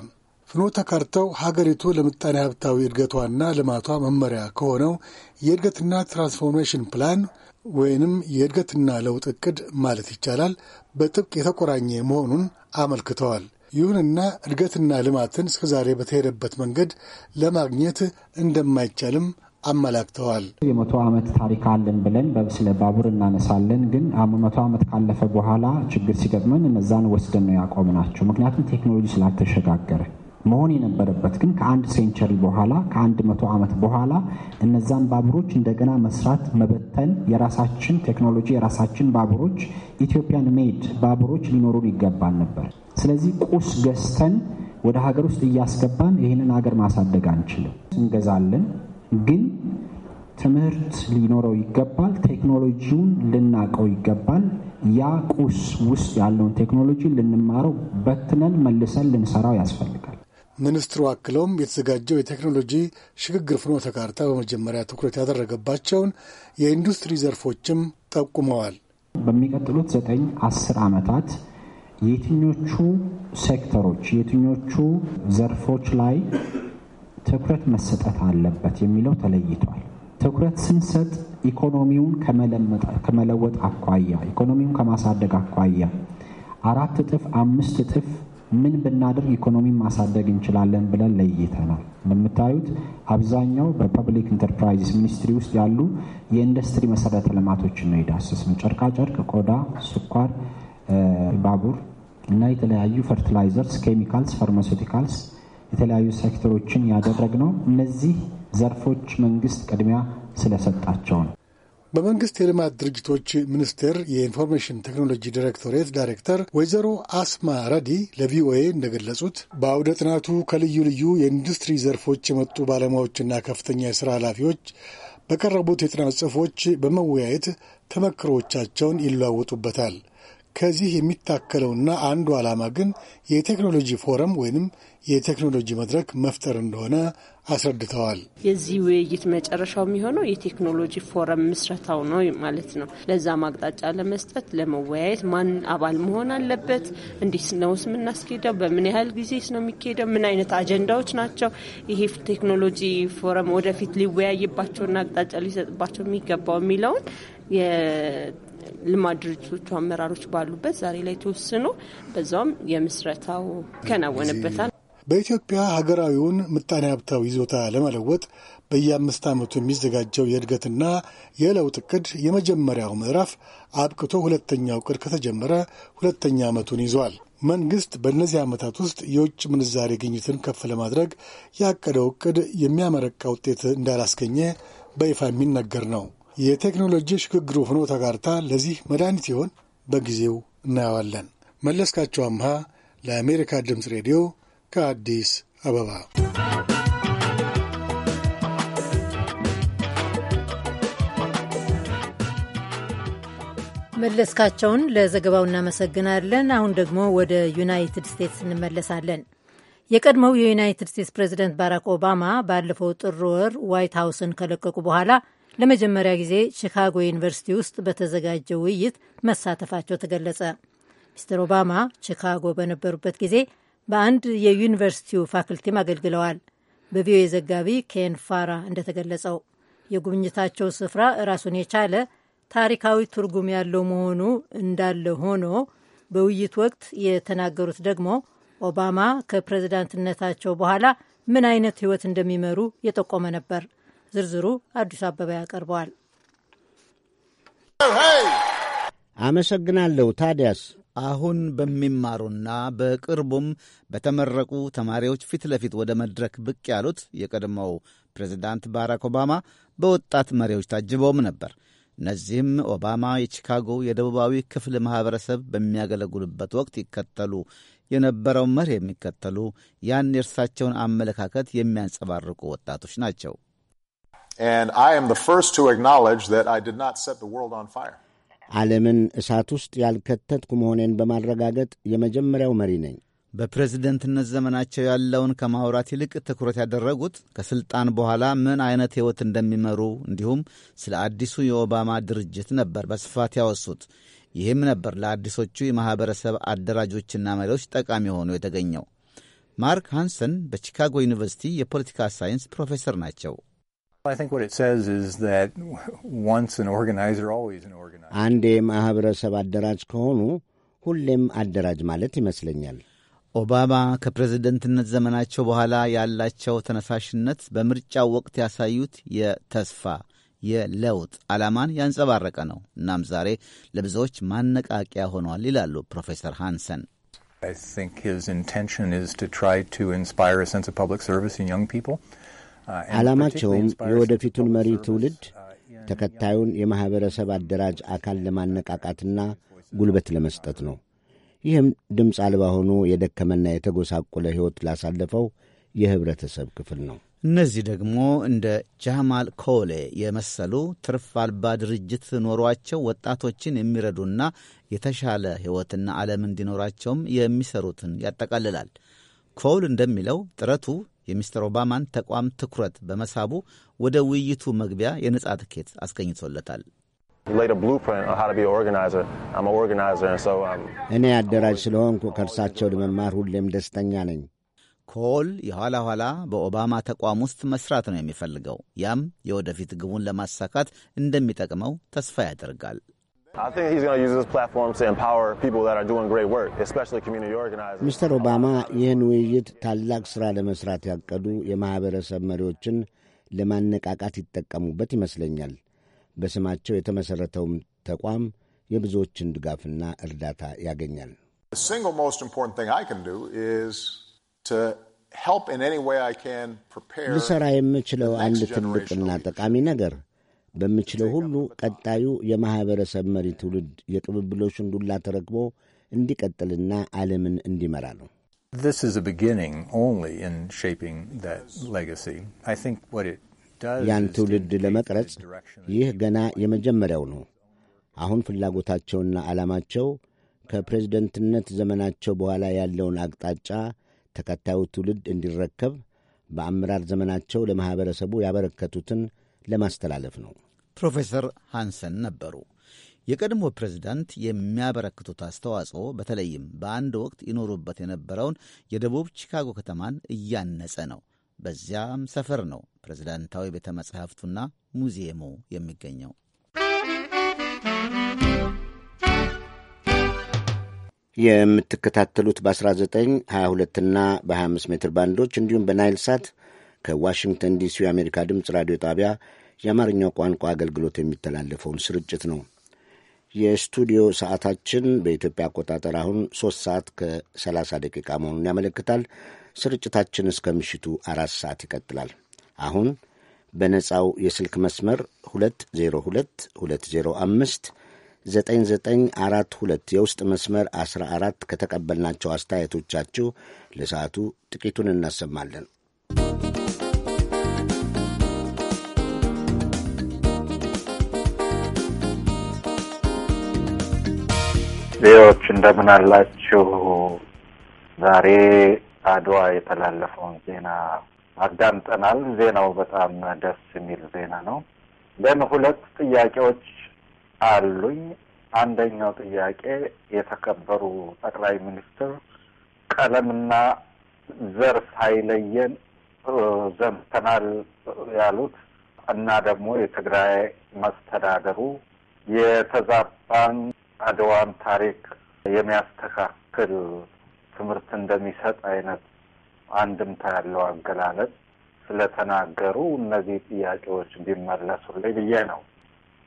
ፍኖተ ካርታው ሀገሪቱ ለምጣኔ ሀብታዊ እድገቷና ልማቷ መመሪያ ከሆነው የእድገትና ትራንስፎርሜሽን ፕላን ወይንም የእድገትና ለውጥ እቅድ ማለት ይቻላል በጥብቅ የተቆራኘ መሆኑን አመልክተዋል። ይሁንና እድገትና ልማትን እስከዛሬ በተሄደበት መንገድ ለማግኘት እንደማይቻልም አመላክተዋል። የመቶ ዓመት ታሪክ አለን ብለን ስለ ባቡር እናነሳለን። ግን መቶ ዓመት ካለፈ በኋላ ችግር ሲገጥመን እነዛን ወስደን ነው ናቸው። ምክንያቱም ቴክኖሎጂ ስላልተሸጋገረ መሆን የነበረበት ግን ከአንድ ሴንቸሪ በኋላ ከአንድ መቶ ዓመት በኋላ እነዛን ባቡሮች እንደገና መስራት፣ መበተን፣ የራሳችን ቴክኖሎጂ የራሳችን ባቡሮች ኢትዮጵያን ሜድ ባቡሮች ሊኖሩን ይገባል ነበር። ስለዚህ ቁስ ገዝተን ወደ ሀገር ውስጥ እያስገባን ይህንን ሀገር ማሳደግ አንችልም። እንገዛለን ግን ትምህርት ሊኖረው ይገባል። ቴክኖሎጂውን ልናቀው ይገባል። ያ ቁስ ውስጥ ያለውን ቴክኖሎጂ ልንማረው በትነን መልሰን ልንሰራው ያስፈልጋል። ሚኒስትሩ አክለውም የተዘጋጀው የቴክኖሎጂ ሽግግር ፍኖተ ካርታ በመጀመሪያ ትኩረት ያደረገባቸውን የኢንዱስትሪ ዘርፎችም ጠቁመዋል። በሚቀጥሉት ዘጠኝ አስር ዓመታት የትኞቹ ሴክተሮች የትኞቹ ዘርፎች ላይ ትኩረት መሰጠት አለበት የሚለው ተለይቷል። ትኩረት ስንሰጥ ኢኮኖሚውን ከመለወጥ አኳያ፣ ኢኮኖሚውን ከማሳደግ አኳያ አራት እጥፍ አምስት እጥፍ ምን ብናደርግ ኢኮኖሚን ማሳደግ እንችላለን ብለን ለይተናል። እንደምታዩት አብዛኛው በፐብሊክ ኢንተርፕራይዝ ሚኒስትሪ ውስጥ ያሉ የኢንዱስትሪ መሰረተ ልማቶችን ነው የዳሰስ ነው። ጨርቃጨርቅ፣ ቆዳ፣ ስኳር፣ ባቡር እና የተለያዩ ፈርቲላይዘርስ፣ ኬሚካልስ፣ ፋርማሲውቲካልስ የተለያዩ ሴክተሮችን ያደረግ ነው። እነዚህ ዘርፎች መንግስት ቅድሚያ ስለሰጣቸው ነው። በመንግስት የልማት ድርጅቶች ሚኒስቴር የኢንፎርሜሽን ቴክኖሎጂ ዲሬክቶሬት ዳይሬክተር ወይዘሮ አስማ ረዲ ለቪኦኤ እንደገለጹት በአውደ ጥናቱ ከልዩ ልዩ የኢንዱስትሪ ዘርፎች የመጡ ባለሙያዎችና ከፍተኛ የሥራ ኃላፊዎች በቀረቡት የጥናት ጽሑፎች በመወያየት ተመክሮቻቸውን ይለዋወጡበታል። ከዚህ የሚታከለውና አንዱ ዓላማ ግን የቴክኖሎጂ ፎረም ወይንም የቴክኖሎጂ መድረክ መፍጠር እንደሆነ አስረድተዋል። የዚህ ውይይት መጨረሻው የሚሆነው የቴክኖሎጂ ፎረም ምስረታው ነው ማለት ነው። ለዛ ማቅጣጫ ለመስጠት ለመወያየት ማን አባል መሆን አለበት፣ እንዴት ነውስ የምናስኬደው፣ በምን ያህል ጊዜ ነው የሚካሄደው፣ ምን አይነት አጀንዳዎች ናቸው ይሄ ቴክኖሎጂ ፎረም ወደፊት ሊወያይባቸውና አቅጣጫ ሊሰጥባቸው የሚገባው የሚለውን ልማት ድርጅቶቹ አመራሮች ባሉበት ዛሬ ላይ ተወስኖ በዛውም የምስረታው ይከናወንበታል። በኢትዮጵያ ሀገራዊውን ምጣኔ ሀብታዊ ይዞታ ለመለወጥ በየአምስት ዓመቱ የሚዘጋጀው የእድገትና የለውጥ እቅድ የመጀመሪያው ምዕራፍ አብቅቶ ሁለተኛው እቅድ ከተጀመረ ሁለተኛ ዓመቱን ይዟል። መንግሥት በእነዚህ ዓመታት ውስጥ የውጭ ምንዛሬ ግኝትን ከፍ ለማድረግ ያቀደው እቅድ የሚያመረቃ ውጤት እንዳላስገኘ በይፋ የሚነገር ነው። የቴክኖሎጂ ሽግግሩ ሆኖ ተጋርታ ለዚህ መድኃኒት ይሆን? በጊዜው እናየዋለን። መለስካቸው አምሃ ለአሜሪካ ድምፅ ሬዲዮ ከአዲስ አበባ። መለስካቸውን ለዘገባው እናመሰግናለን። አሁን ደግሞ ወደ ዩናይትድ ስቴትስ እንመለሳለን። የቀድሞው የዩናይትድ ስቴትስ ፕሬዚደንት ባራክ ኦባማ ባለፈው ጥር ወር ዋይት ሀውስን ከለቀቁ በኋላ ለመጀመሪያ ጊዜ ቺካጎ ዩኒቨርሲቲ ውስጥ በተዘጋጀው ውይይት መሳተፋቸው ተገለጸ። ሚስተር ኦባማ ቺካጎ በነበሩበት ጊዜ በአንድ የዩኒቨርሲቲው ፋክልቲም አገልግለዋል። በቪኦኤ ዘጋቢ ኬን ፋራ እንደተገለጸው የጉብኝታቸው ስፍራ ራሱን የቻለ ታሪካዊ ትርጉም ያለው መሆኑ እንዳለ ሆኖ በውይይት ወቅት የተናገሩት ደግሞ ኦባማ ከፕሬዝዳንትነታቸው በኋላ ምን አይነት ሕይወት እንደሚመሩ የጠቆመ ነበር። ዝርዝሩ አዲሱ አበባ ያቀርበዋል። አመሰግናለሁ። ታዲያስ አሁን በሚማሩና በቅርቡም በተመረቁ ተማሪዎች ፊት ለፊት ወደ መድረክ ብቅ ያሉት የቀድሞው ፕሬዚዳንት ባራክ ኦባማ በወጣት መሪዎች ታጅበውም ነበር። እነዚህም ኦባማ የቺካጎ የደቡባዊ ክፍል ማኅበረሰብ በሚያገለግሉበት ወቅት ይከተሉ የነበረው መርህ የሚከተሉ ያን የእርሳቸውን አመለካከት የሚያንጸባርቁ ወጣቶች ናቸው። And I am the first to acknowledge that I did not set the world on fire. ዓለምን እሳት ውስጥ ያልከተትኩ መሆኔን በማረጋገጥ የመጀመሪያው መሪ ነኝ። በፕሬዝደንትነት ዘመናቸው ያለውን ከማውራት ይልቅ ትኩረት ያደረጉት ከሥልጣን በኋላ ምን አይነት ሕይወት እንደሚመሩ እንዲሁም ስለ አዲሱ የኦባማ ድርጅት ነበር በስፋት ያወሱት። ይህም ነበር ለአዲሶቹ የማኅበረሰብ አደራጆችና መሪዎች ጠቃሚ ሆኖ የተገኘው። ማርክ ሃንሰን በቺካጎ ዩኒቨርሲቲ የፖለቲካ ሳይንስ ፕሮፌሰር ናቸው። I think what it says is that once an organizer, always an organizer. አንድ የማህበረሰብ አደራጅ ከሆኑ ሁሌም አደራጅ ማለት ይመስለኛል። ኦባማ ከፕሬዝደንትነት ዘመናቸው በኋላ ያላቸው ተነሳሽነት በምርጫው ወቅት ያሳዩት የተስፋ የለውጥ ዓላማን ያንጸባረቀ ነው። እናም ዛሬ ለብዙዎች ማነቃቂያ ሆኗል ይላሉ ፕሮፌሰር ሃንሰን። I think his intention is to try to inspire a sense of public service in young people. ዓላማቸውም የወደፊቱን መሪ ትውልድ ተከታዩን የማኅበረሰብ አደራጅ አካል ለማነቃቃትና ጉልበት ለመስጠት ነው። ይህም ድምፅ አልባ ሆኖ የደከመና የተጎሳቆለ ሕይወት ላሳለፈው የኅብረተሰብ ክፍል ነው። እነዚህ ደግሞ እንደ ጃማል ኮሌ የመሰሉ ትርፍ አልባ ድርጅት ኖሯቸው ወጣቶችን የሚረዱና የተሻለ ሕይወትና ዓለም እንዲኖራቸውም የሚሰሩትን ያጠቃልላል። ኮል እንደሚለው ጥረቱ የሚስተር ኦባማን ተቋም ትኩረት በመሳቡ ወደ ውይይቱ መግቢያ የነጻ ትኬት አስገኝቶለታል። um, እኔ አደራጅ ስለሆንኩ ከእርሳቸው ለመማር ሁሌም ደስተኛ ነኝ። ኮል የኋላ ኋላ በኦባማ ተቋም ውስጥ መስራት ነው የሚፈልገው። ያም የወደፊት ግቡን ለማሳካት እንደሚጠቅመው ተስፋ ያደርጋል። I think he's going to use this platform to empower people that are doing great work, especially community organizers. Mr. Obama, ይህን ውይይት ታላቅ ስራ ለመስራት ያቀዱ የማህበረሰብ መሪዎችን ለማነቃቃት ይጠቀሙበት ይመስለኛል። በስማቸው የተመሠረተውም ተቋም የብዙዎችን ድጋፍና እርዳታ ያገኛል። The single most important thing I can do is to help in any way I can prepare ልሰራ የምችለው አንድ ትልቅና ጠቃሚ ነገር በምችለው ሁሉ ቀጣዩ የማኅበረሰብ መሪ ትውልድ የቅብብሎቹን ዱላ ተረክቦ እንዲቀጥልና ዓለምን እንዲመራ ነው። ያን ትውልድ ለመቅረጽ ይህ ገና የመጀመሪያው ነው። አሁን ፍላጎታቸውና ዓላማቸው ከፕሬዝደንትነት ዘመናቸው በኋላ ያለውን አቅጣጫ ተከታዩ ትውልድ እንዲረከብ በአመራር ዘመናቸው ለማኅበረሰቡ ያበረከቱትን ለማስተላለፍ ነው። ፕሮፌሰር ሃንሰን ነበሩ። የቀድሞ ፕሬዝዳንት የሚያበረክቱት አስተዋጽኦ በተለይም በአንድ ወቅት ይኖሩበት የነበረውን የደቡብ ቺካጎ ከተማን እያነጸ ነው። በዚያም ሰፈር ነው ፕሬዝዳንታዊ ቤተ መጻሕፍቱና ሙዚየሙ የሚገኘው። የምትከታተሉት በ19፣ 22ና በ25 ሜትር ባንዶች እንዲሁም በናይል ሳት ከዋሽንግተን ዲሲ የአሜሪካ ድምፅ ራዲዮ ጣቢያ የአማርኛው ቋንቋ አገልግሎት የሚተላለፈውን ስርጭት ነው። የስቱዲዮ ሰዓታችን በኢትዮጵያ አቆጣጠር አሁን ሶስት ሰዓት ከሰላሳ ደቂቃ መሆኑን ያመለክታል። ስርጭታችን እስከ ምሽቱ አራት ሰዓት ይቀጥላል። አሁን በነጻው የስልክ መስመር 2022059942 205 9942 የውስጥ መስመር 14 ከተቀበልናቸው አስተያየቶቻችሁ ለሰዓቱ ጥቂቱን እናሰማለን። ዜዎች እንደምን አላችሁ? ዛሬ አድዋ የተላለፈውን ዜና አዳምጠናል። ዜናው በጣም ደስ የሚል ዜና ነው። ግን ሁለት ጥያቄዎች አሉኝ። አንደኛው ጥያቄ የተከበሩ ጠቅላይ ሚኒስትር ቀለምና ዘር ሳይለየን ዘምተናል ያሉት እና ደግሞ የትግራይ መስተዳደሩ የተዛባን አድዋም ታሪክ የሚያስተካክል ትምህርት እንደሚሰጥ አይነት አንድምታ ያለው አገላለጽ ስለተናገሩ እነዚህ ጥያቄዎች ቢመለሱልኝ ብዬ ነው።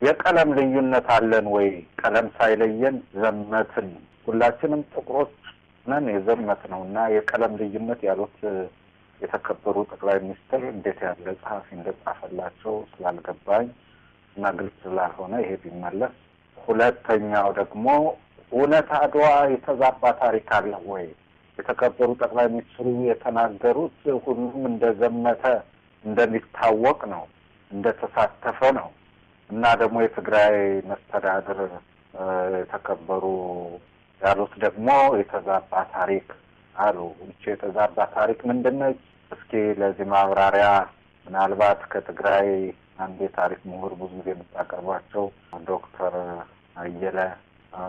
የቀለም ልዩነት አለን ወይ? ቀለም ሳይለየን ዘመትን። ሁላችንም ጥቁሮች ነን የዘመት ነው እና የቀለም ልዩነት ያሉት የተከበሩ ጠቅላይ ሚኒስትር እንዴት ያለ ጸሐፊ እንደጻፈላቸው ስላልገባኝ እና ግልጽ ስላልሆነ ይሄ ቢመለስ ሁለተኛው ደግሞ እውነት አድዋ የተዛባ ታሪክ አለ ወይ? የተከበሩ ጠቅላይ ሚኒስትሩ የተናገሩት ሁሉም እንደዘመተ እንደሚታወቅ ነው እንደተሳተፈ ነው። እና ደግሞ የትግራይ መስተዳድር የተከበሩ ያሉት ደግሞ የተዛባ ታሪክ አሉ። ይቺ የተዛባ ታሪክ ምንድን ነች? እስኪ ለዚህ ማብራሪያ ምናልባት ከትግራይ አንድ የታሪክ ምሁር ብዙ ጊዜ የምታቀርቧቸው ዶክተር አየለ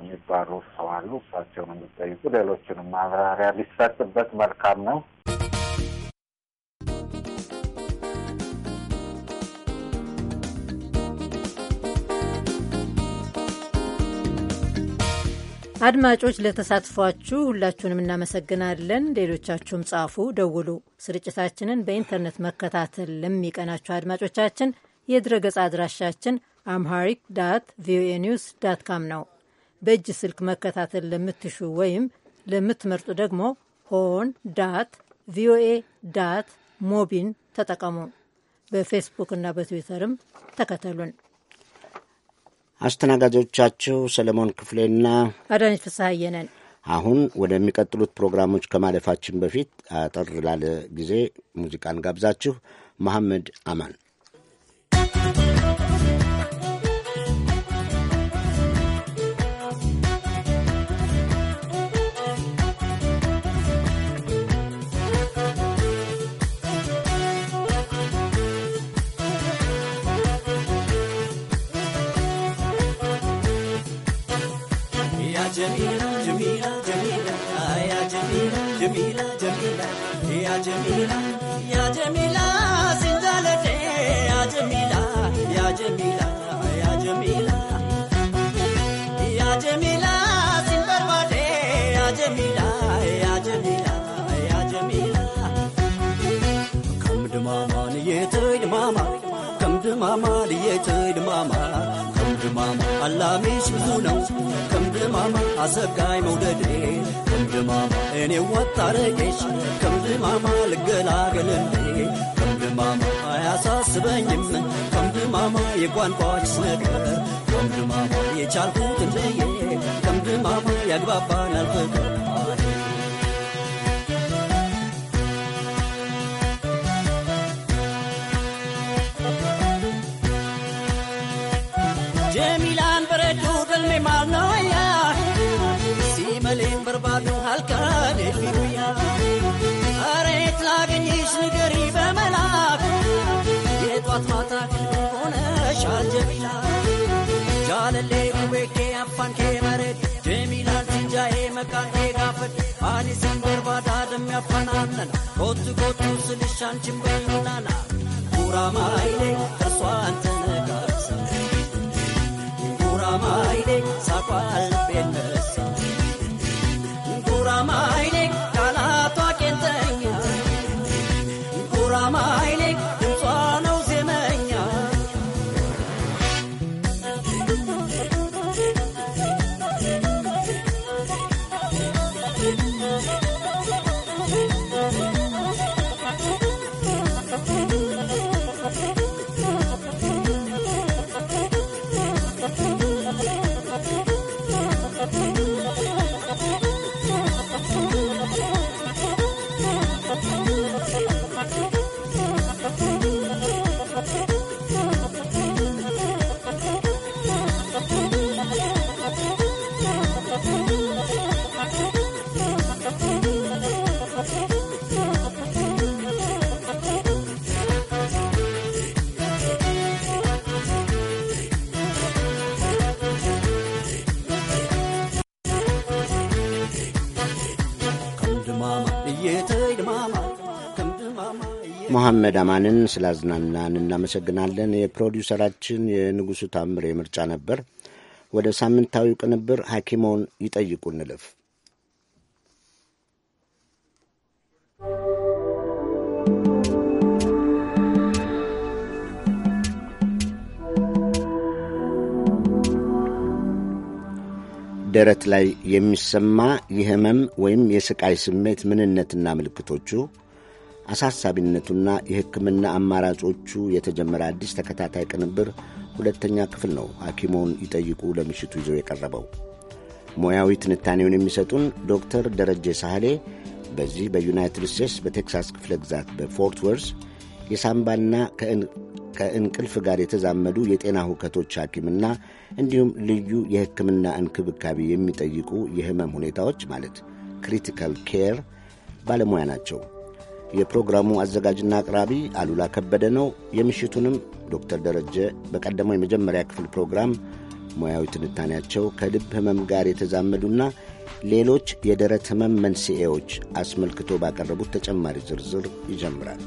የሚባሉ ሰው አሉ። እሳቸውን የሚጠይቁ ሌሎችንም ማብራሪያ ሊሰጥበት መልካም ነው። አድማጮች ለተሳትፏችሁ ሁላችሁንም እናመሰግናለን። ሌሎቻችሁም ጻፉ፣ ደውሉ። ስርጭታችንን በኢንተርኔት መከታተል ለሚቀናችሁ አድማጮቻችን የድረገጽ አድራሻችን አምሃሪክ ዳት ቪኦኤ ኒውስ ዳት ካም ነው። በእጅ ስልክ መከታተል ለምትሹ ወይም ለምትመርጡ ደግሞ ሆን ዳት ቪኦኤ ዳት ሞቢን ተጠቀሙ። በፌስቡክ እና በትዊተርም ተከተሉን። አስተናጋጆቻችሁ ሰለሞን ክፍሌና አዳነች ፍስሐዬ ነን። አሁን ወደሚቀጥሉት ፕሮግራሞች ከማለፋችን በፊት አጠር ላለ ጊዜ ሙዚቃን ጋብዛችሁ መሐመድ አማን liyeetai mama, kamdu mama liyeetai mama, kamdu mama Allah mishunau, kamdu mama asagai maudade, kamdu mama ene wataresh, kamdu mama lgalagalende, kamdu mama ayasasbenim, kamdu mama yekwanqach snagar, kamdu mama yechalkut ndeye, kamdu mama yagbabanal Sanisin barbada adam yafananana Kotu kotu silişancım beyunana Kurama aile kasva antene garsa Kurama aile sakwa alpenle መሐመድ አማንን ስላዝናናን እናመሰግናለን። የፕሮዲውሰራችን የንጉሡ ታምር የምርጫ ነበር። ወደ ሳምንታዊው ቅንብር ሐኪሞን ይጠይቁ እንልፍ። ደረት ላይ የሚሰማ የህመም ወይም የስቃይ ስሜት ምንነትና ምልክቶቹ አሳሳቢነቱና የሕክምና አማራጮቹ የተጀመረ አዲስ ተከታታይ ቅንብር ሁለተኛ ክፍል ነው። ሐኪሞን ይጠይቁ ለምሽቱ ይዘው የቀረበው ሙያዊ ትንታኔውን የሚሰጡን ዶክተር ደረጀ ሳህሌ በዚህ በዩናይትድ ስቴትስ በቴክሳስ ክፍለ ግዛት በፎርት ወርዝ የሳምባና ከእንቅልፍ ጋር የተዛመዱ የጤና ሁከቶች ሐኪምና እንዲሁም ልዩ የሕክምና እንክብካቤ የሚጠይቁ የህመም ሁኔታዎች ማለት ክሪቲካል ኬር ባለሙያ ናቸው። የፕሮግራሙ አዘጋጅና አቅራቢ አሉላ ከበደ ነው። የምሽቱንም ዶክተር ደረጀ በቀደመው የመጀመሪያ ክፍል ፕሮግራም ሙያዊ ትንታኔያቸው ከልብ ህመም ጋር የተዛመዱና ሌሎች የደረት ህመም መንስኤዎች አስመልክቶ ባቀረቡት ተጨማሪ ዝርዝር ይጀምራል።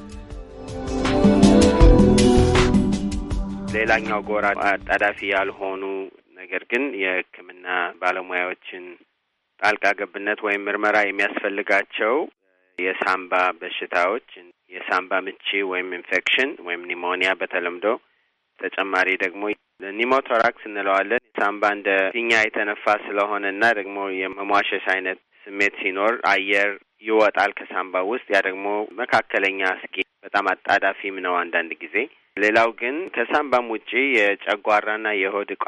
ሌላኛው ጎራ አጣዳፊ ያልሆኑ ነገር ግን የሕክምና ባለሙያዎችን ጣልቃ ገብነት ወይም ምርመራ የሚያስፈልጋቸው የሳምባ በሽታዎች የሳምባ ምቺ ወይም ኢንፌክሽን ወይም ኒሞኒያ በተለምዶ ተጨማሪ ደግሞ ኒሞቶራክስ እንለዋለን። ሳምባ እንደ ፊኛ የተነፋ ስለሆነና ደግሞ የመሟሸሽ አይነት ስሜት ሲኖር አየር ይወጣል ከሳምባ ውስጥ። ያ ደግሞ መካከለኛ አስጊ በጣም አጣዳፊም ነው አንዳንድ ጊዜ። ሌላው ግን ከሳምባም ውጪ የጨጓራና የሆድ እቃ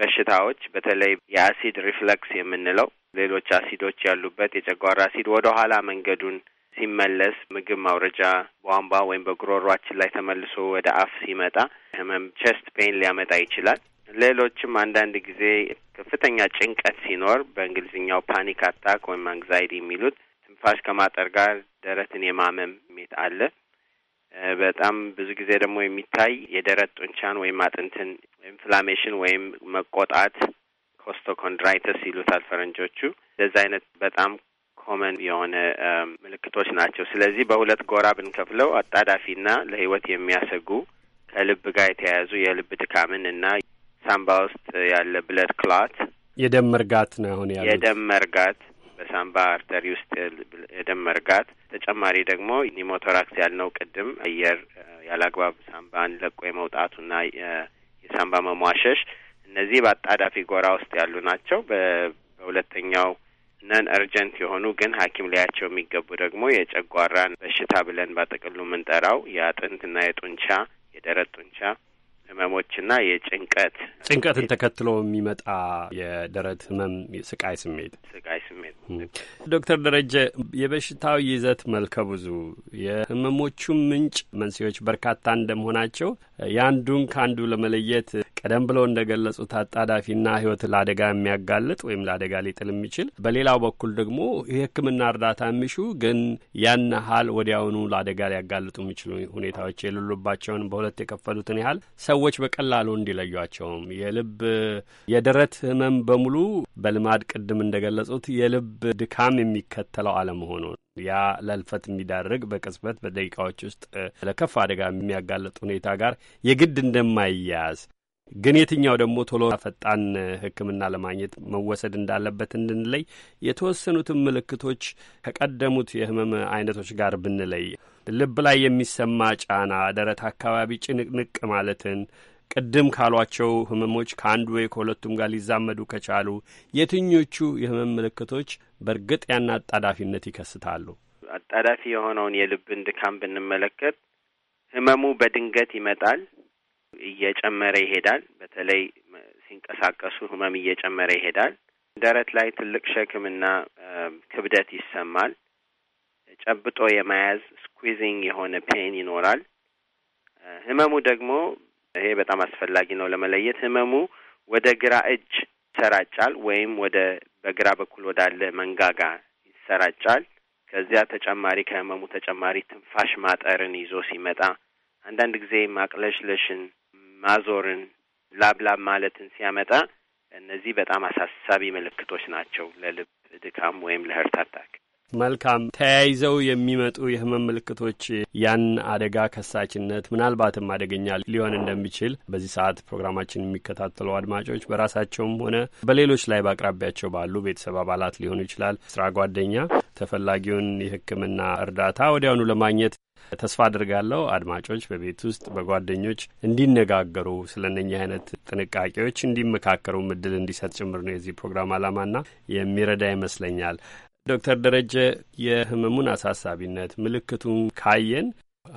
በሽታዎች በተለይ የአሲድ ሪፍለክስ የምንለው ሌሎች አሲዶች ያሉበት የጨጓራ አሲድ ወደ ኋላ መንገዱን ሲመለስ ምግብ ማውረጃ ቧንቧ ወይም በጉሮሯችን ላይ ተመልሶ ወደ አፍ ሲመጣ ህመም ቸስት ፔን ሊያመጣ ይችላል። ሌሎችም አንዳንድ ጊዜ ከፍተኛ ጭንቀት ሲኖር በእንግሊዝኛው ፓኒክ አታክ ወይም አንግዛይዲ የሚሉት ትንፋሽ ከማጠር ጋር ደረትን የማመም ሜት አለ። በጣም ብዙ ጊዜ ደግሞ የሚታይ የደረት ጡንቻን ወይም አጥንትን ኢንፍላሜሽን ወይም መቆጣት ኮስቶኮንድራይተስ ይሉታል ፈረንጆቹ። እንደዚህ አይነት በጣም ኮመን የሆነ ምልክቶች ናቸው። ስለዚህ በሁለት ጎራ ብንከፍለው አጣዳፊና ለህይወት የሚያሰጉ ከልብ ጋር የተያያዙ የልብ ድካምን እና ሳምባ ውስጥ ያለ ብለድ ክላት የደም መርጋት ነው አሁን ያሉት የደም መርጋት በሳምባ አርተሪ ውስጥ የደም መርጋት፣ ተጨማሪ ደግሞ ኒሞቶራክስ ያልነው ቅድም አየር ያላግባብ ሳምባን ለቆ የመውጣቱና የሳምባ መሟሸሽ፣ እነዚህ በአጣዳፊ ጎራ ውስጥ ያሉ ናቸው። በሁለተኛው ነን እርጀንት የሆኑ ግን ሐኪም ሊያቸው የሚገቡ ደግሞ የጨጓራን በሽታ ብለን በጥቅሉ የምንጠራው የአጥንትና የጡንቻ የደረት ጡንቻ ህመሞችና የጭንቀት ጭንቀትን ተከትሎ የሚመጣ የደረት ህመም ስቃይ ስሜት ስቃይ ስሜት። ዶክተር ደረጀ የበሽታው ይዘት መልከ ብዙ፣ የህመሞቹም ምንጭ መንስኤዎች በርካታ እንደመሆናቸው የአንዱን ከአንዱ ለመለየት ቀደም ብሎ እንደገለጹት አጣዳፊና ህይወት ለአደጋ የሚያጋልጥ ወይም ለአደጋ ሊጥል የሚችል በሌላው በኩል ደግሞ የህክምና እርዳታ የሚሹ ግን ያን ያህል ወዲያውኑ ለአደጋ ሊያጋልጡ የሚችሉ ሁኔታዎች የሌሉባቸውን በሁለት የከፈሉትን ያህል ሰዎች በቀላሉ እንዲለዩቸውም የልብ የደረት ህመም በሙሉ በልማድ ቅድም እንደገለጹት የልብ ድካም የሚከተለው አለመሆኑ ያ ለልፈት የሚዳርግ በቅጽበት በደቂቃዎች ውስጥ ለከፍ አደጋ የሚያጋለጥ ሁኔታ ጋር የግድ እንደማይያያዝ ግን የትኛው ደግሞ ቶሎ ፈጣን ሕክምና ለማግኘት መወሰድ እንዳለበት እንድንለይ የተወሰኑትን ምልክቶች ከቀደሙት የህመም አይነቶች ጋር ብንለይ ልብ ላይ የሚሰማ ጫና፣ ደረት አካባቢ ጭንቅንቅ ማለትን ቅድም ካሏቸው ህመሞች ከአንዱ ወይ ከሁለቱም ጋር ሊዛመዱ ከቻሉ የትኞቹ የህመም ምልክቶች በእርግጥ ያን አጣዳፊነት ይከስታሉ? አጣዳፊ የሆነውን የልብን ድካም ብንመለከት ህመሙ በድንገት ይመጣል። እየጨመረ ይሄዳል። በተለይ ሲንቀሳቀሱ ህመም እየጨመረ ይሄዳል። ደረት ላይ ትልቅ ሸክምና ክብደት ይሰማል። ጨብጦ የመያዝ ስኩዊዚንግ የሆነ ፔን ይኖራል። ህመሙ ደግሞ ይሄ በጣም አስፈላጊ ነው ለመለየት። ህመሙ ወደ ግራ እጅ ይሰራጫል ወይም ወደ በግራ በኩል ወዳለ መንጋጋ ይሰራጫል። ከዚያ ተጨማሪ ከህመሙ ተጨማሪ ትንፋሽ ማጠርን ይዞ ሲመጣ አንዳንድ ጊዜ ማቅለሽለሽን ማዞርን፣ ላብላብ ማለትን ሲያመጣ እነዚህ በጣም አሳሳቢ ምልክቶች ናቸው ለልብ ድካም ወይም ለሀርት አታክ። መልካም ተያይዘው የሚመጡ የህመም ምልክቶች ያን አደጋ ከሳችነት ምናልባትም አደገኛ ሊሆን እንደሚችል በዚህ ሰዓት ፕሮግራማችን የሚከታተሉ አድማጮች በራሳቸውም ሆነ በሌሎች ላይ በአቅራቢያቸው ባሉ ቤተሰብ አባላት ሊሆኑ ይችላል፣ ስራ ጓደኛ ተፈላጊውን የህክምና እርዳታ ወዲያውኑ ለማግኘት ተስፋ አድርጋለሁ። አድማጮች በቤት ውስጥ በጓደኞች እንዲነጋገሩ ስለ እነኚህ አይነት ጥንቃቄዎች እንዲመካከሩ ምድል እንዲሰጥ ጭምር ነው የዚህ ፕሮግራም አላማና የሚረዳ ይመስለኛል። ዶክተር ደረጀ የህመሙን አሳሳቢነት ምልክቱን ካየን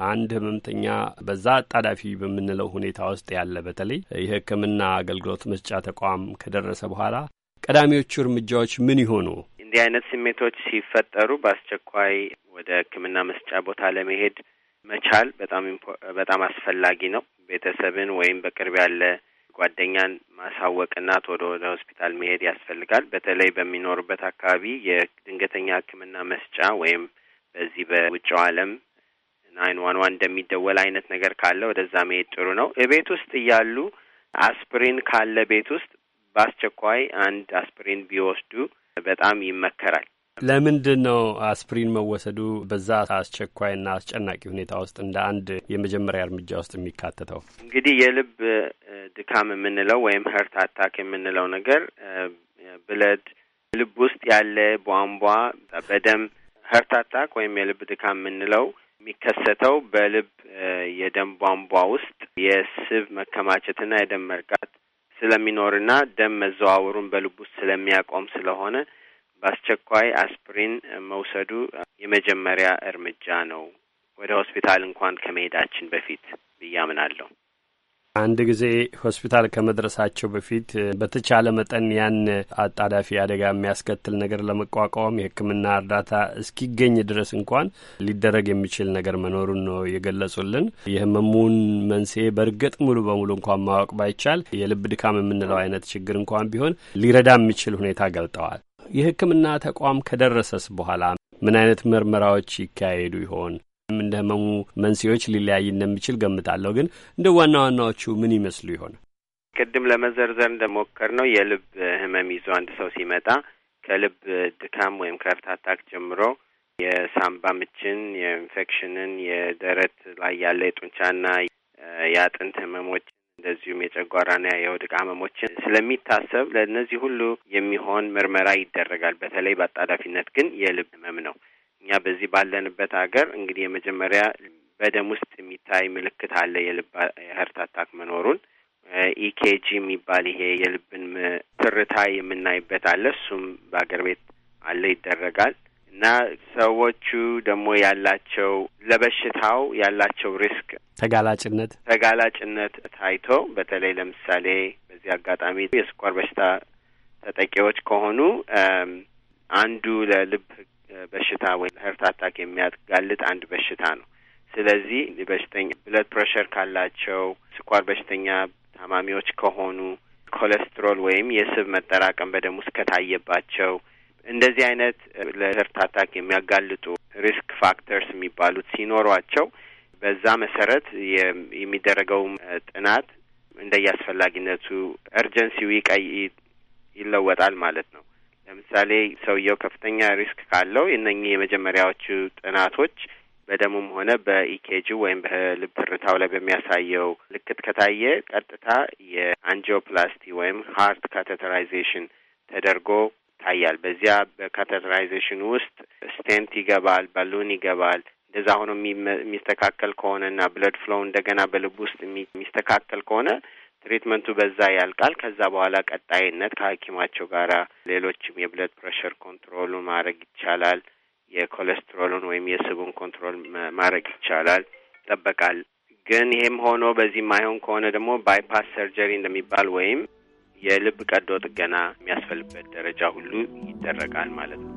አንድ ህመምተኛ በዛ አጣዳፊ በምንለው ሁኔታ ውስጥ ያለ በተለይ የህክምና አገልግሎት መስጫ ተቋም ከደረሰ በኋላ ቀዳሚዎቹ እርምጃዎች ምን ይሆኑ? እንዲህ አይነት ስሜቶች ሲፈጠሩ በአስቸኳይ ወደ ህክምና መስጫ ቦታ ለመሄድ መቻል በጣም በጣም አስፈላጊ ነው። ቤተሰብን ወይም በቅርብ ያለ ጓደኛን ማሳወቅና ቶሎ ወደ ሆስፒታል መሄድ ያስፈልጋል። በተለይ በሚኖሩበት አካባቢ የድንገተኛ ሕክምና መስጫ ወይም በዚህ በውጭው ዓለም ናይን ዋን ዋን እንደሚደወል አይነት ነገር ካለ ወደዛ መሄድ ጥሩ ነው። ቤት ውስጥ እያሉ አስፕሪን ካለ ቤት ውስጥ በአስቸኳይ አንድ አስፕሪን ቢወስዱ በጣም ይመከራል። ለምንድን ነው አስፕሪን መወሰዱ በዛ አስቸኳይና አስጨናቂ ሁኔታ ውስጥ እንደ አንድ የመጀመሪያ እርምጃ ውስጥ የሚካተተው? እንግዲህ የልብ ድካም የምንለው ወይም ሀርት አታክ የምንለው ነገር ብለድ ልብ ውስጥ ያለ ቧንቧ በደም ሀርት አታክ ወይም የልብ ድካም የምንለው የሚከሰተው በልብ የደም ቧንቧ ውስጥ የስብ መከማቸትና የደም መርጋት ስለሚኖርና ደም መዘዋወሩን በልብ ውስጥ ስለሚያቆም ስለሆነ በአስቸኳይ አስፕሪን መውሰዱ የመጀመሪያ እርምጃ ነው ወደ ሆስፒታል እንኳን ከመሄዳችን በፊት ብያምናለሁ። አምናለሁ። አንድ ጊዜ ሆስፒታል ከመድረሳቸው በፊት በተቻለ መጠን ያን አጣዳፊ አደጋ የሚያስከትል ነገር ለመቋቋም የሕክምና እርዳታ እስኪገኝ ድረስ እንኳን ሊደረግ የሚችል ነገር መኖሩን ነው የገለጹልን። የህመሙን መንስኤ በእርግጥ ሙሉ በሙሉ እንኳን ማወቅ ባይቻል የልብ ድካም የምንለው አይነት ችግር እንኳን ቢሆን ሊረዳ የሚችል ሁኔታ ገልጠዋል። የሕክምና ተቋም ከደረሰስ በኋላ ምን አይነት ምርመራዎች ይካሄዱ ይሆን? እንደ ህመሙ መንስኤዎች ሊለያይ እንደሚችል ገምታለሁ። ግን እንደ ዋና ዋናዎቹ ምን ይመስሉ ይሆን? ቅድም ለመዘርዘር እንደሞከር ነው የልብ ህመም ይዞ አንድ ሰው ሲመጣ ከልብ ድካም ወይም ከእርት አታክ ጀምሮ የሳምባ ምችን፣ የኢንፌክሽንን፣ የደረት ላይ ያለ የጡንቻና የአጥንት ህመሞች እንደዚሁም የጨጓራና የወድቅ ህመሞችን ስለሚታሰብ ለእነዚህ ሁሉ የሚሆን ምርመራ ይደረጋል። በተለይ በአጣዳፊነት ግን የልብ ህመም ነው። እኛ በዚህ ባለንበት ሀገር እንግዲህ የመጀመሪያ በደም ውስጥ የሚታይ ምልክት አለ የልብ ሀርት አታክ መኖሩን ኢኬጂ የሚባል ይሄ የልብን ትርታ የምናይበት አለ። እሱም በሀገር ቤት አለ ይደረጋል። እና ሰዎቹ ደግሞ ያላቸው ለበሽታው ያላቸው ሪስክ ተጋላጭነት ተጋላጭነት ታይቶ በተለይ ለምሳሌ በዚህ አጋጣሚ የስኳር በሽታ ተጠቂዎች ከሆኑ አንዱ ለልብ በሽታ ወይ ሀርት አታክ የሚያጋልጥ አንድ በሽታ ነው። ስለዚህ በሽተኛ ብለድ ፕሬሸር ካላቸው ስኳር በሽተኛ ታማሚዎች ከሆኑ ኮሌስትሮል ወይም የስብ መጠራቀም በደም ውስጥ ከታየባቸው እንደዚህ አይነት ለህርት አታክ የሚያጋልጡ ሪስክ ፋክተርስ የሚባሉት ሲኖሯቸው በዛ መሰረት የሚደረገው ጥናት እንደየአስፈላጊነቱ እርጀንሲ ዊቀይ ይለወጣል ማለት ነው። ለምሳሌ ሰውየው ከፍተኛ ሪስክ ካለው እነኚህ የመጀመሪያዎቹ ጥናቶች በደሙም ሆነ በኢኬጂ ወይም በልብ ትርታው ላይ በሚያሳየው ምልክት ከታየ ቀጥታ የአንጂኦፕላስቲ ወይም ሀርት ካቴተራይዜሽን ተደርጎ ይታያል። በዚያ በካተተራይዜሽን ውስጥ ስቴንት ይገባል፣ ባሉን ይገባል። እንደዛ ሆኖ የሚስተካከል ከሆነ እና ብለድ ፍሎው እንደገና በልብ ውስጥ የሚስተካከል ከሆነ ትሪትመንቱ በዛ ያልቃል። ከዛ በኋላ ቀጣይነት ከሐኪማቸው ጋር ሌሎችም የብለድ ፕሬሽር ኮንትሮሉን ማድረግ ይቻላል። የኮሌስትሮሉን ወይም የስቡን ኮንትሮል ማድረግ ይቻላል ይጠበቃል። ግን ይሄም ሆኖ በዚህ ማይሆን ከሆነ ደግሞ ባይፓስ ሰርጀሪ እንደሚባል ወይም የልብ ቀዶ ጥገና የሚያስፈልበት ደረጃ ሁሉ ይደረጋል ማለት ነው።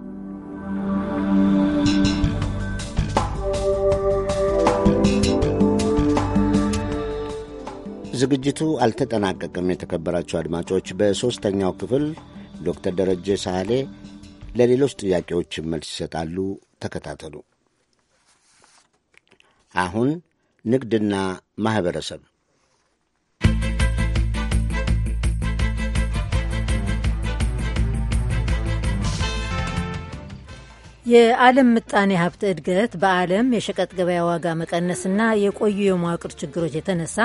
ዝግጅቱ አልተጠናቀቅም። የተከበራቸው አድማጮች፣ በሦስተኛው ክፍል ዶክተር ደረጀ ሳህሌ ለሌሎች ጥያቄዎች መልስ ይሰጣሉ። ተከታተሉ። አሁን ንግድና ማኅበረሰብ የዓለም ምጣኔ ሀብት እድገት በዓለም የሸቀጥ ገበያ ዋጋ መቀነስና የቆዩ የመዋቅር ችግሮች የተነሳ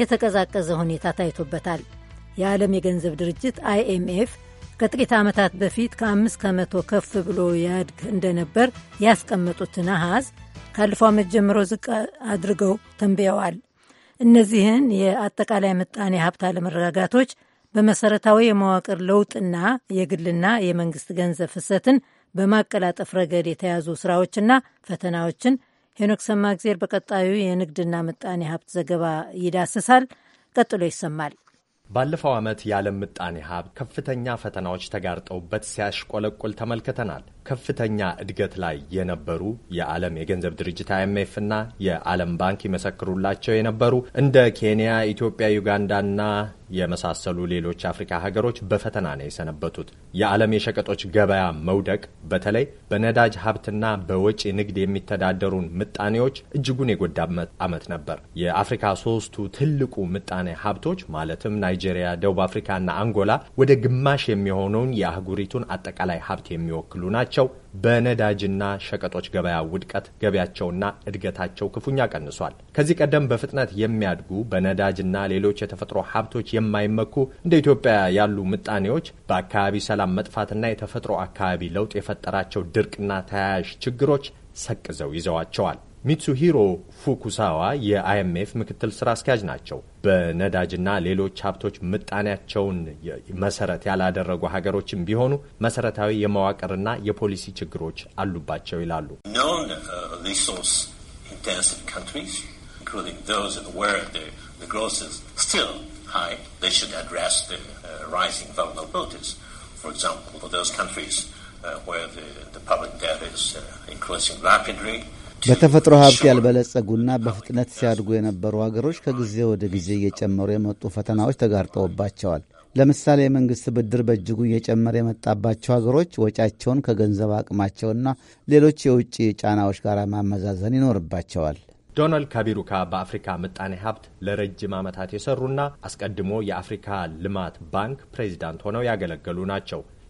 የተቀዛቀዘ ሁኔታ ታይቶበታል። የዓለም የገንዘብ ድርጅት አይኤምኤፍ ከጥቂት ዓመታት በፊት ከአምስት ከመቶ ከፍ ብሎ ያድግ እንደነበር ያስቀመጡትን አሃዝ ካልፎ ዓመት ጀምሮ ዝቅ አድርገው ተንብየዋል። እነዚህን የአጠቃላይ ምጣኔ ሀብት አለመረጋጋቶች በመሰረታዊ የመዋቅር ለውጥና የግልና የመንግስት ገንዘብ ፍሰትን በማቀላጠፍ ረገድ የተያዙ ስራዎችና ፈተናዎችን ሄኖክ ሰማእግዜር በቀጣዩ የንግድና ምጣኔ ሀብት ዘገባ ይዳስሳል። ቀጥሎ ይሰማል። ባለፈው ዓመት የዓለም ምጣኔ ሀብት ከፍተኛ ፈተናዎች ተጋርጠውበት ሲያሽቆለቁል ተመልክተናል። ከፍተኛ እድገት ላይ የነበሩ የዓለም የገንዘብ ድርጅት አይኤምኤፍ እና የዓለም ባንክ ይመሰክሩላቸው የነበሩ እንደ ኬንያ፣ ኢትዮጵያ፣ ዩጋንዳና የመሳሰሉ ሌሎች አፍሪካ ሀገሮች በፈተና ነው የሰነበቱት። የዓለም የሸቀጦች ገበያ መውደቅ በተለይ በነዳጅ ሀብትና በወጪ ንግድ የሚተዳደሩን ምጣኔዎች እጅጉን የጎዳ ዓመት ነበር። የአፍሪካ ሶስቱ ትልቁ ምጣኔ ሀብቶች ማለትም ናይጄሪያ፣ ደቡብ አፍሪካና አንጎላ ወደ ግማሽ የሚሆነውን የአህጉሪቱን አጠቃላይ ሀብት የሚወክሉ ናቸው። በመሆናቸው በነዳጅና ሸቀጦች ገበያ ውድቀት ገቢያቸውና እድገታቸው ክፉኛ ቀንሷል። ከዚህ ቀደም በፍጥነት የሚያድጉ በነዳጅና ሌሎች የተፈጥሮ ሀብቶች የማይመኩ እንደ ኢትዮጵያ ያሉ ምጣኔዎች በአካባቢ ሰላም መጥፋትና የተፈጥሮ አካባቢ ለውጥ የፈጠራቸው ድርቅና ተያያዥ ችግሮች ሰቅዘው ይዘዋቸዋል። ሚትሱሂሮ ፉኩሳዋ የአይኤምኤፍ ምክትል ስራ አስኪያጅ ናቸው። በነዳጅና ሌሎች ሀብቶች ምጣኔያቸውን መሰረት ያላደረጉ ሀገሮችም ቢሆኑ መሰረታዊ የመዋቅርና የፖሊሲ ችግሮች አሉባቸው ይላሉ። ሪሶርስ በተፈጥሮ ሀብት ያልበለጸጉና በፍጥነት ሲያድጉ የነበሩ ሀገሮች ከጊዜ ወደ ጊዜ እየጨመሩ የመጡ ፈተናዎች ተጋርጠውባቸዋል። ለምሳሌ የመንግሥት ብድር በእጅጉ እየጨመረ የመጣባቸው ሀገሮች ወጪያቸውን ከገንዘብ አቅማቸውና ሌሎች የውጭ ጫናዎች ጋር ማመዛዘን ይኖርባቸዋል። ዶናልድ ካቢሩካ በአፍሪካ ምጣኔ ሀብት ለረጅም ዓመታት የሰሩና አስቀድሞ የአፍሪካ ልማት ባንክ ፕሬዚዳንት ሆነው ያገለገሉ ናቸው።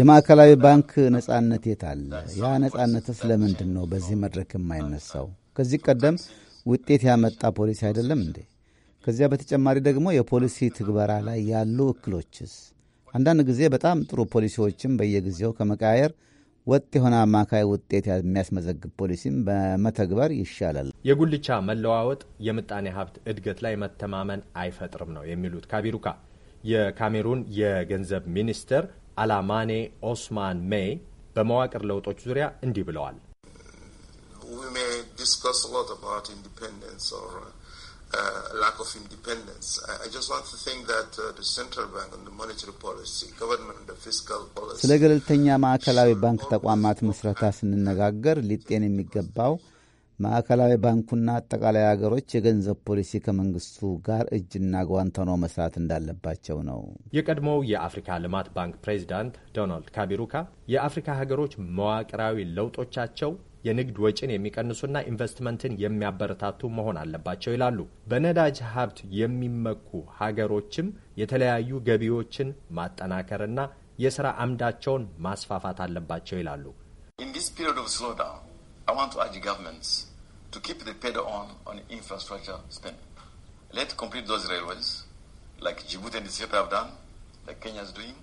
የማዕከላዊ uh, ባንክ ነጻነት የት አለ? ያ ነጻነትስ ለምንድን ነው በዚህ መድረክ የማይነሳው? ከዚህ ቀደም ውጤት ያመጣ ፖሊሲ አይደለም እንዴ? ከዚያ በተጨማሪ ደግሞ የፖሊሲ ትግበራ ላይ ያሉ እክሎችስ? አንዳንድ ጊዜ በጣም ጥሩ ፖሊሲዎችን በየጊዜው ከመቃየር ወጥ የሆነ አማካይ ውጤት የሚያስመዘግብ ፖሊሲም በመተግበር ይሻላል። የጉልቻ መለዋወጥ የምጣኔ ሀብት እድገት ላይ መተማመን አይፈጥርም ነው የሚሉት ካቢሩካ የካሜሩን የገንዘብ ሚኒስትር አላማኔ ኦስማን ሜይ በመዋቅር ለውጦች ዙሪያ እንዲህ ብለዋል። uh, uh, uh, ስለ ገለልተኛ ማዕከላዊ ባንክ ተቋማት ምስረታ ስንነጋገር ሊጤን የሚገባው ማዕከላዊ ባንኩና አጠቃላይ አገሮች የገንዘብ ፖሊሲ ከመንግስቱ ጋር እጅና ጓንት ሆነው መስራት እንዳለባቸው ነው። የቀድሞው የአፍሪካ ልማት ባንክ ፕሬዚዳንት ዶናልድ ካቢሩካ የአፍሪካ ሀገሮች መዋቅራዊ ለውጦቻቸው የንግድ ወጪን የሚቀንሱና ኢንቨስትመንትን የሚያበረታቱ መሆን አለባቸው ይላሉ። በነዳጅ ሀብት የሚመኩ ሀገሮችም የተለያዩ ገቢዎችን ማጠናከርና የስራ አምዳቸውን ማስፋፋት አለባቸው ይላሉ። I want to urge governments to keep the pedal on on infrastructure spending. Let's complete those railways like Djibouti and Ethiopia have done.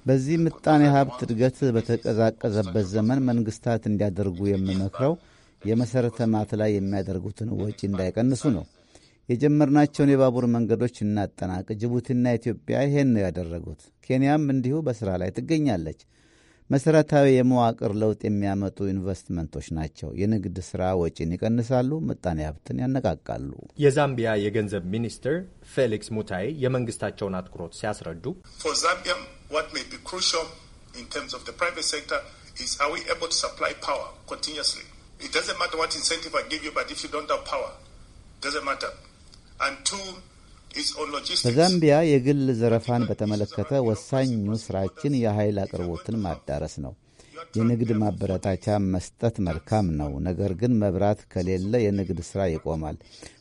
በዚህ ምጣኔ ሀብት እድገት በተቀዛቀዘበት ዘመን መንግስታት እንዲያደርጉ የምመክረው የመሠረተ ማት ላይ የሚያደርጉትን ወጪ እንዳይቀንሱ ነው። የጀመርናቸውን የባቡር መንገዶች እናጠናቅ። ጅቡቲና ኢትዮጵያ ይሄን ነው ያደረጉት። ኬንያም እንዲሁ በሥራ ላይ ትገኛለች። መሠረታዊ የመዋቅር ለውጥ የሚያመጡ ኢንቨስትመንቶች ናቸው። የንግድ ሥራ ወጪን ይቀንሳሉ፣ ምጣኔ ሀብትን ያነቃቃሉ። የዛምቢያ የገንዘብ ሚኒስትር ፌሊክስ ሙታይ የመንግስታቸውን አትኩሮት ሲያስረዱ ዛምቢያ በዛምቢያ የግል ዘረፋን በተመለከተ ወሳኙ ስራችን የኃይል አቅርቦትን ማዳረስ ነው። የንግድ ማበረታቻ መስጠት መልካም ነው። ነገር ግን መብራት ከሌለ የንግድ ስራ ይቆማል።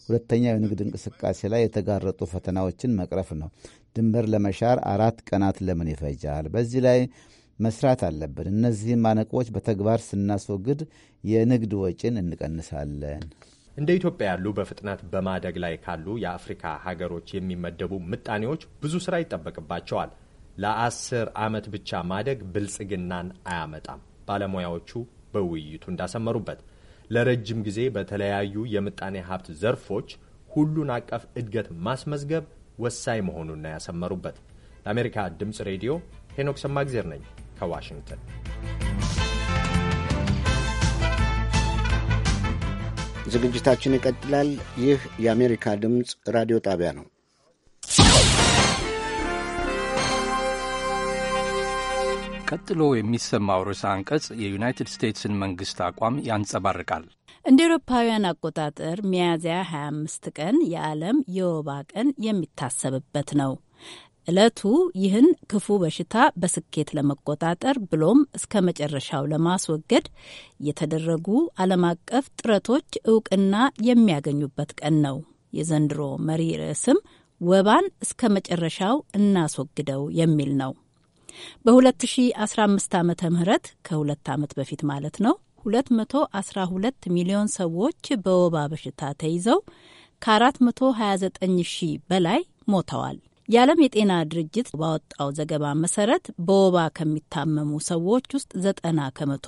ሁለተኛው የንግድ እንቅስቃሴ ላይ የተጋረጡ ፈተናዎችን መቅረፍ ነው። ድንበር ለመሻር አራት ቀናት ለምን ይፈጃል? በዚህ ላይ መስራት አለብን። እነዚህም ማነቆዎች በተግባር ስናስወግድ የንግድ ወጪን እንቀንሳለን። እንደ ኢትዮጵያ ያሉ በፍጥነት በማደግ ላይ ካሉ የአፍሪካ ሀገሮች የሚመደቡ ምጣኔዎች ብዙ ስራ ይጠበቅባቸዋል። ለአስር ዓመት ብቻ ማደግ ብልጽግናን አያመጣም። ባለሙያዎቹ በውይይቱ እንዳሰመሩበት ለረጅም ጊዜ በተለያዩ የምጣኔ ሀብት ዘርፎች ሁሉን አቀፍ እድገት ማስመዝገብ ወሳኝ መሆኑን ያሰመሩበት። ለአሜሪካ ድምፅ ሬዲዮ ሄኖክ ሰማግዜር ነኝ ከዋሽንግተን ዝግጅታችን ይቀጥላል። ይህ የአሜሪካ ድምፅ ራዲዮ ጣቢያ ነው። ቀጥሎ የሚሰማው ርዕሰ አንቀጽ የዩናይትድ ስቴትስን መንግስት አቋም ያንጸባርቃል። እንደ ኤሮፓውያን አቆጣጠር ሚያዝያ 25 ቀን የዓለም የወባ ቀን የሚታሰብበት ነው። ዕለቱ ይህን ክፉ በሽታ በስኬት ለመቆጣጠር ብሎም እስከ መጨረሻው ለማስወገድ የተደረጉ ዓለም አቀፍ ጥረቶች እውቅና የሚያገኙበት ቀን ነው። የዘንድሮ መሪ ርዕስም ወባን እስከ መጨረሻው እናስወግደው የሚል ነው። በ2015 ዓ ም ከሁለት ዓመት በፊት ማለት ነው 212 ሚሊዮን ሰዎች በወባ በሽታ ተይዘው ከ429 ሺህ በላይ ሞተዋል። የዓለም የጤና ድርጅት ባወጣው ዘገባ መሰረት በወባ ከሚታመሙ ሰዎች ውስጥ ዘጠና ከመቶ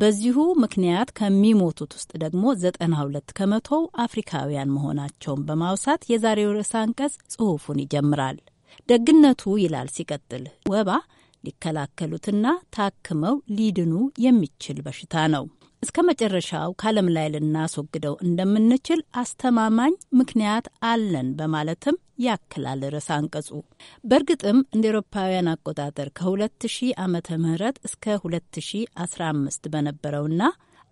በዚሁ ምክንያት ከሚሞቱት ውስጥ ደግሞ ዘጠና ሁለት ከመቶ አፍሪካውያን መሆናቸውን በማውሳት የዛሬው ርዕሰ አንቀጽ ጽሑፉን ይጀምራል። ደግነቱ ይላል ሲቀጥል፣ ወባ ሊከላከሉትና ታክመው ሊድኑ የሚችል በሽታ ነው። እስከ መጨረሻው ከዓለም ላይ ልናስወግደው እንደምንችል አስተማማኝ ምክንያት አለን በማለትም ያክላል ርዕሰ አንቀጹ። በእርግጥም እንደ ኤሮፓውያን አቆጣጠር ከ2000 ዓመተ ምህረት እስከ 2015 በነበረውና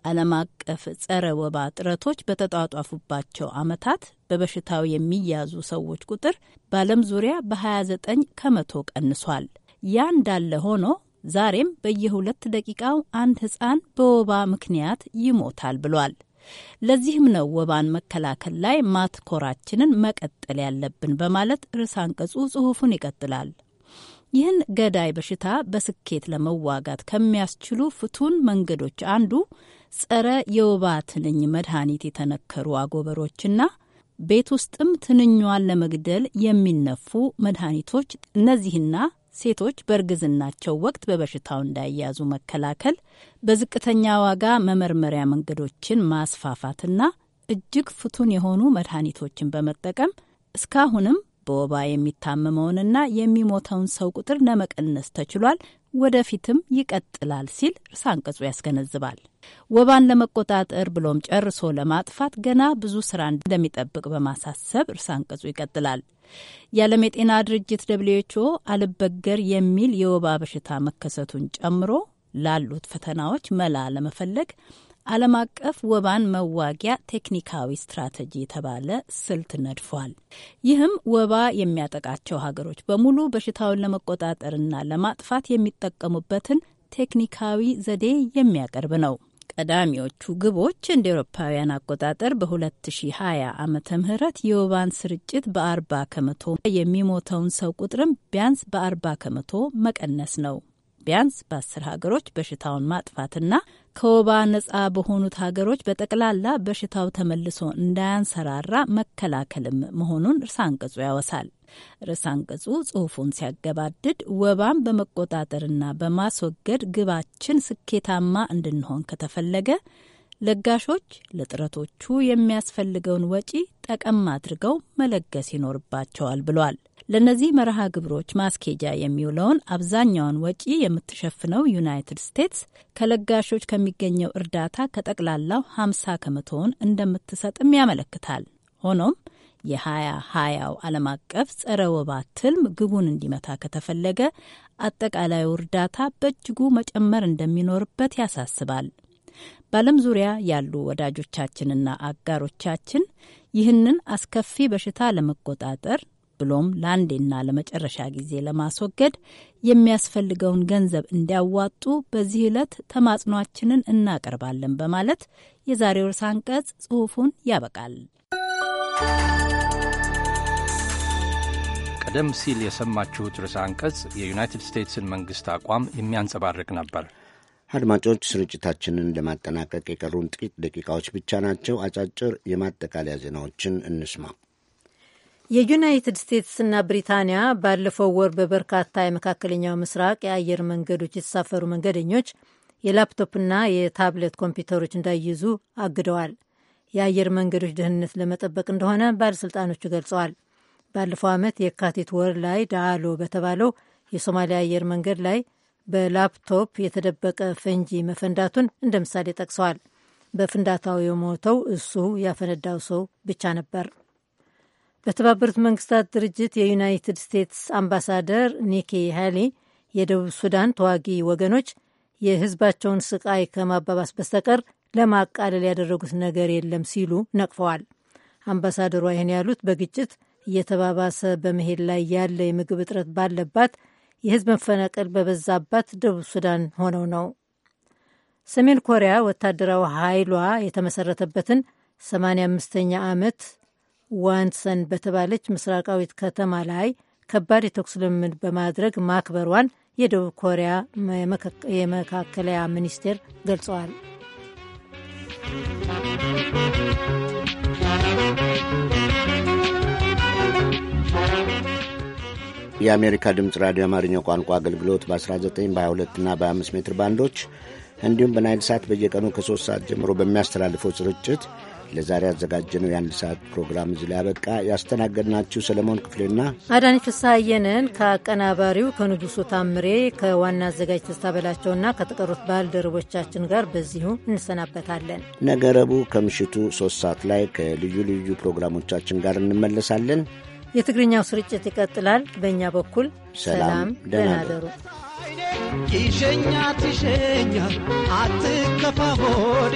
ዓለም አቀፍ ጸረ ወባ ጥረቶች በተጧጧፉባቸው ዓመታት በበሽታው የሚያዙ ሰዎች ቁጥር በዓለም ዙሪያ በ29 ከመቶ ቀንሷል። ያ እንዳለ ሆኖ ዛሬም በየሁለት ደቂቃው አንድ ህጻን በወባ ምክንያት ይሞታል ብሏል። ለዚህም ነው ወባን መከላከል ላይ ማትኮራችንን መቀጠል ያለብን በማለት ርዕሰ አንቀጹ ጽሑፉን ይቀጥላል። ይህን ገዳይ በሽታ በስኬት ለመዋጋት ከሚያስችሉ ፍቱን መንገዶች አንዱ ጸረ የወባ ትንኝ መድኃኒት የተነከሩ አጎበሮችና ቤት ውስጥም ትንኟን ለመግደል የሚነፉ መድኃኒቶች እነዚህና ሴቶች በእርግዝናቸው ወቅት በበሽታው እንዳያያዙ መከላከል፣ በዝቅተኛ ዋጋ መመርመሪያ መንገዶችን ማስፋፋትና እጅግ ፍቱን የሆኑ መድኃኒቶችን በመጠቀም እስካሁንም በወባ የሚታመመውንና የሚሞተውን ሰው ቁጥር ለመቀነስ ተችሏል። ወደፊትም ይቀጥላል ሲል እርሳ አንቀጹ ያስገነዝባል። ወባን ለመቆጣጠር ብሎም ጨርሶ ለማጥፋት ገና ብዙ ስራ እንደሚጠብቅ በማሳሰብ እርሳ አንቀጹ ይቀጥላል። የዓለም የጤና ድርጅት ደብሊውኤችኦ አልበገር የሚል የወባ በሽታ መከሰቱን ጨምሮ ላሉት ፈተናዎች መላ ለመፈለግ ዓለም አቀፍ ወባን መዋጊያ ቴክኒካዊ ስትራቴጂ የተባለ ስልት ነድፏል። ይህም ወባ የሚያጠቃቸው ሀገሮች በሙሉ በሽታውን ለመቆጣጠርና ለማጥፋት የሚጠቀሙበትን ቴክኒካዊ ዘዴ የሚያቀርብ ነው። ቀዳሚዎቹ ግቦች እንደ ኤሮፓውያን አቆጣጠር በ2020 ዓመተ ምህረት የወባን ስርጭት በ40 ከመቶ የሚሞተውን ሰው ቁጥርም ቢያንስ በ40 ከመቶ መቀነስ ነው። ቢያንስ በ10 ሀገሮች በሽታውን ማጥፋትና ከወባ ነጻ በሆኑት ሀገሮች በጠቅላላ በሽታው ተመልሶ እንዳያንሰራራ መከላከልም መሆኑን ርዕሰ አንቀጹ ያወሳል። ርዕሰ አንቀጹ ጽሑፉን ሲያገባድድ ወባን በመቆጣጠርና በማስወገድ ግባችን ስኬታማ እንድንሆን ከተፈለገ ለጋሾች ለጥረቶቹ የሚያስፈልገውን ወጪ ጠቀም አድርገው መለገስ ይኖርባቸዋል ብሏል። ለእነዚህ መርሃ ግብሮች ማስኬጃ የሚውለውን አብዛኛውን ወጪ የምትሸፍነው ዩናይትድ ስቴትስ ከለጋሾች ከሚገኘው እርዳታ ከጠቅላላው 50 ከመቶውን እንደምትሰጥም ያመለክታል። ሆኖም የሀያ ሀያው ዓለም አቀፍ ጸረ ወባ ትልም ግቡን እንዲመታ ከተፈለገ አጠቃላዩ እርዳታ በእጅጉ መጨመር እንደሚኖርበት ያሳስባል። በዓለም ዙሪያ ያሉ ወዳጆቻችንና አጋሮቻችን ይህንን አስከፊ በሽታ ለመቆጣጠር ብሎም ለአንዴና ለመጨረሻ ጊዜ ለማስወገድ የሚያስፈልገውን ገንዘብ እንዲያዋጡ በዚህ ዕለት ተማጽኗችንን እናቀርባለን በማለት የዛሬው ርዕሰ አንቀጽ ጽሑፉን ያበቃል። ቀደም ሲል የሰማችሁት ርዕሰ አንቀጽ የዩናይትድ ስቴትስን መንግሥት አቋም የሚያንጸባርቅ ነበር። አድማጮች፣ ስርጭታችንን ለማጠናቀቅ የቀሩን ጥቂት ደቂቃዎች ብቻ ናቸው። አጫጭር የማጠቃለያ ዜናዎችን እንስማ። የዩናይትድ ስቴትስና ብሪታንያ ባለፈው ወር በበርካታ የመካከለኛው ምስራቅ የአየር መንገዶች የተሳፈሩ መንገደኞች የላፕቶፕና የታብሌት ኮምፒውተሮች እንዳይይዙ አግደዋል። የአየር መንገዶች ደህንነት ለመጠበቅ እንደሆነ ባለሥልጣኖቹ ገልጸዋል። ባለፈው ዓመት የካቲት ወር ላይ ዳአሎ በተባለው የሶማሊያ አየር መንገድ ላይ በላፕቶፕ የተደበቀ ፈንጂ መፈንዳቱን እንደ ምሳሌ ጠቅሰዋል። በፍንዳታው የሞተው እሱ ያፈነዳው ሰው ብቻ ነበር። በተባበሩት መንግስታት ድርጅት የዩናይትድ ስቴትስ አምባሳደር ኒኪ ሃሊ የደቡብ ሱዳን ተዋጊ ወገኖች የህዝባቸውን ስቃይ ከማባባስ በስተቀር ለማቃለል ያደረጉት ነገር የለም ሲሉ ነቅፈዋል። አምባሳደሯ ይህን ያሉት በግጭት እየተባባሰ በመሄድ ላይ ያለ የምግብ እጥረት ባለባት፣ የህዝብ መፈናቀል በበዛባት ደቡብ ሱዳን ሆነው ነው። ሰሜን ኮሪያ ወታደራዊ ኃይሏ የተመሰረተበትን 85ኛ ዓመት ዋንሰን በተባለች ምስራቃዊት ከተማ ላይ ከባድ የተኩስ ልምምድ በማድረግ ማክበሯን የደቡብ ኮሪያ የመካከለያ ሚኒስቴር ገልጸዋል። የአሜሪካ ድምፅ ራዲዮ አማርኛው ቋንቋ አገልግሎት በ19 በ22 እና በ25 ሜትር ባንዶች እንዲሁም በናይል ሳት በየቀኑ ከ3 ሰዓት ጀምሮ በሚያስተላልፈው ስርጭት ለዛሬ ያዘጋጀነው የአንድ ሰዓት ፕሮግራም እዚህ ላይ ያበቃ። ያስተናገድናችሁ ሰለሞን ክፍሌና አዳነች ፍስሐየንን ከአቀናባሪው ከንጉሱ ታምሬ ከዋና አዘጋጅ ተስታበላቸውና ከተቀሩት ባልደረቦቻችን ጋር በዚሁ እንሰናበታለን። ነገ ረቡዕ ከምሽቱ ሶስት ሰዓት ላይ ከልዩ ልዩ ፕሮግራሞቻችን ጋር እንመለሳለን። የትግርኛው ስርጭት ይቀጥላል። በእኛ በኩል ሰላም፣ ደህና ደሩ። ይሸኛ ትሸኛ አትከፋ ሆዴ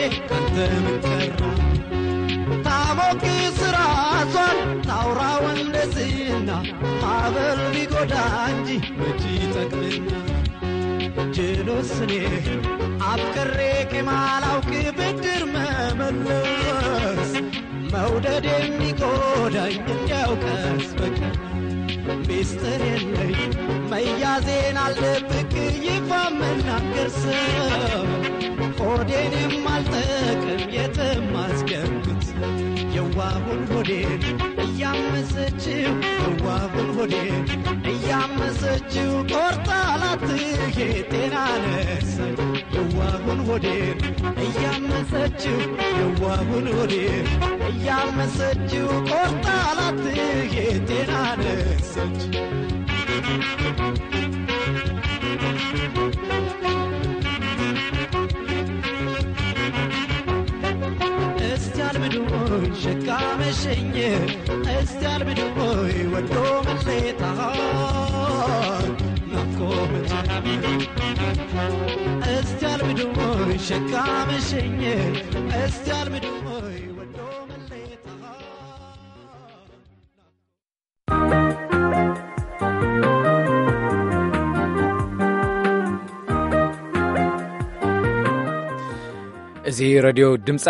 ታቦቂ ስራቷን ታውራ ወንደዝና ማበል ቢጎዳ እንጂ መች ይጠቅምና ጀሎስኔ አፍቅሬ ከማላውቅ ብድር መመለስ መውደድ የሚጎዳኝ እንዲያው ቀስ በቀስ ሚስጥር የለኝ መያዜን አልደብቅ ይፋ መናገር ሰው ሆዴን የማልጠቅም የትም አስገብር የዋሁን ሆዴን እያመሰችው የዋሁን ሆዴን እያመሰችው ቆርጣላት ላትሄ ጤና ነስ የዋሁን ሆዴን እያመሰችው የዋሁን ሆዴን እያመሰችው ቆርጣ ላትሄ ጤና ነሰች ብድሞይ ሸካ መሸኘ እስቲያል ብድሞይ ወዶ መሌታ ናፍቆት እስቲያል ብድሞይ መሸኘ እስቲያል ብድሞይ ወዶ መሌታ እዚ ረድዮ ድምፂ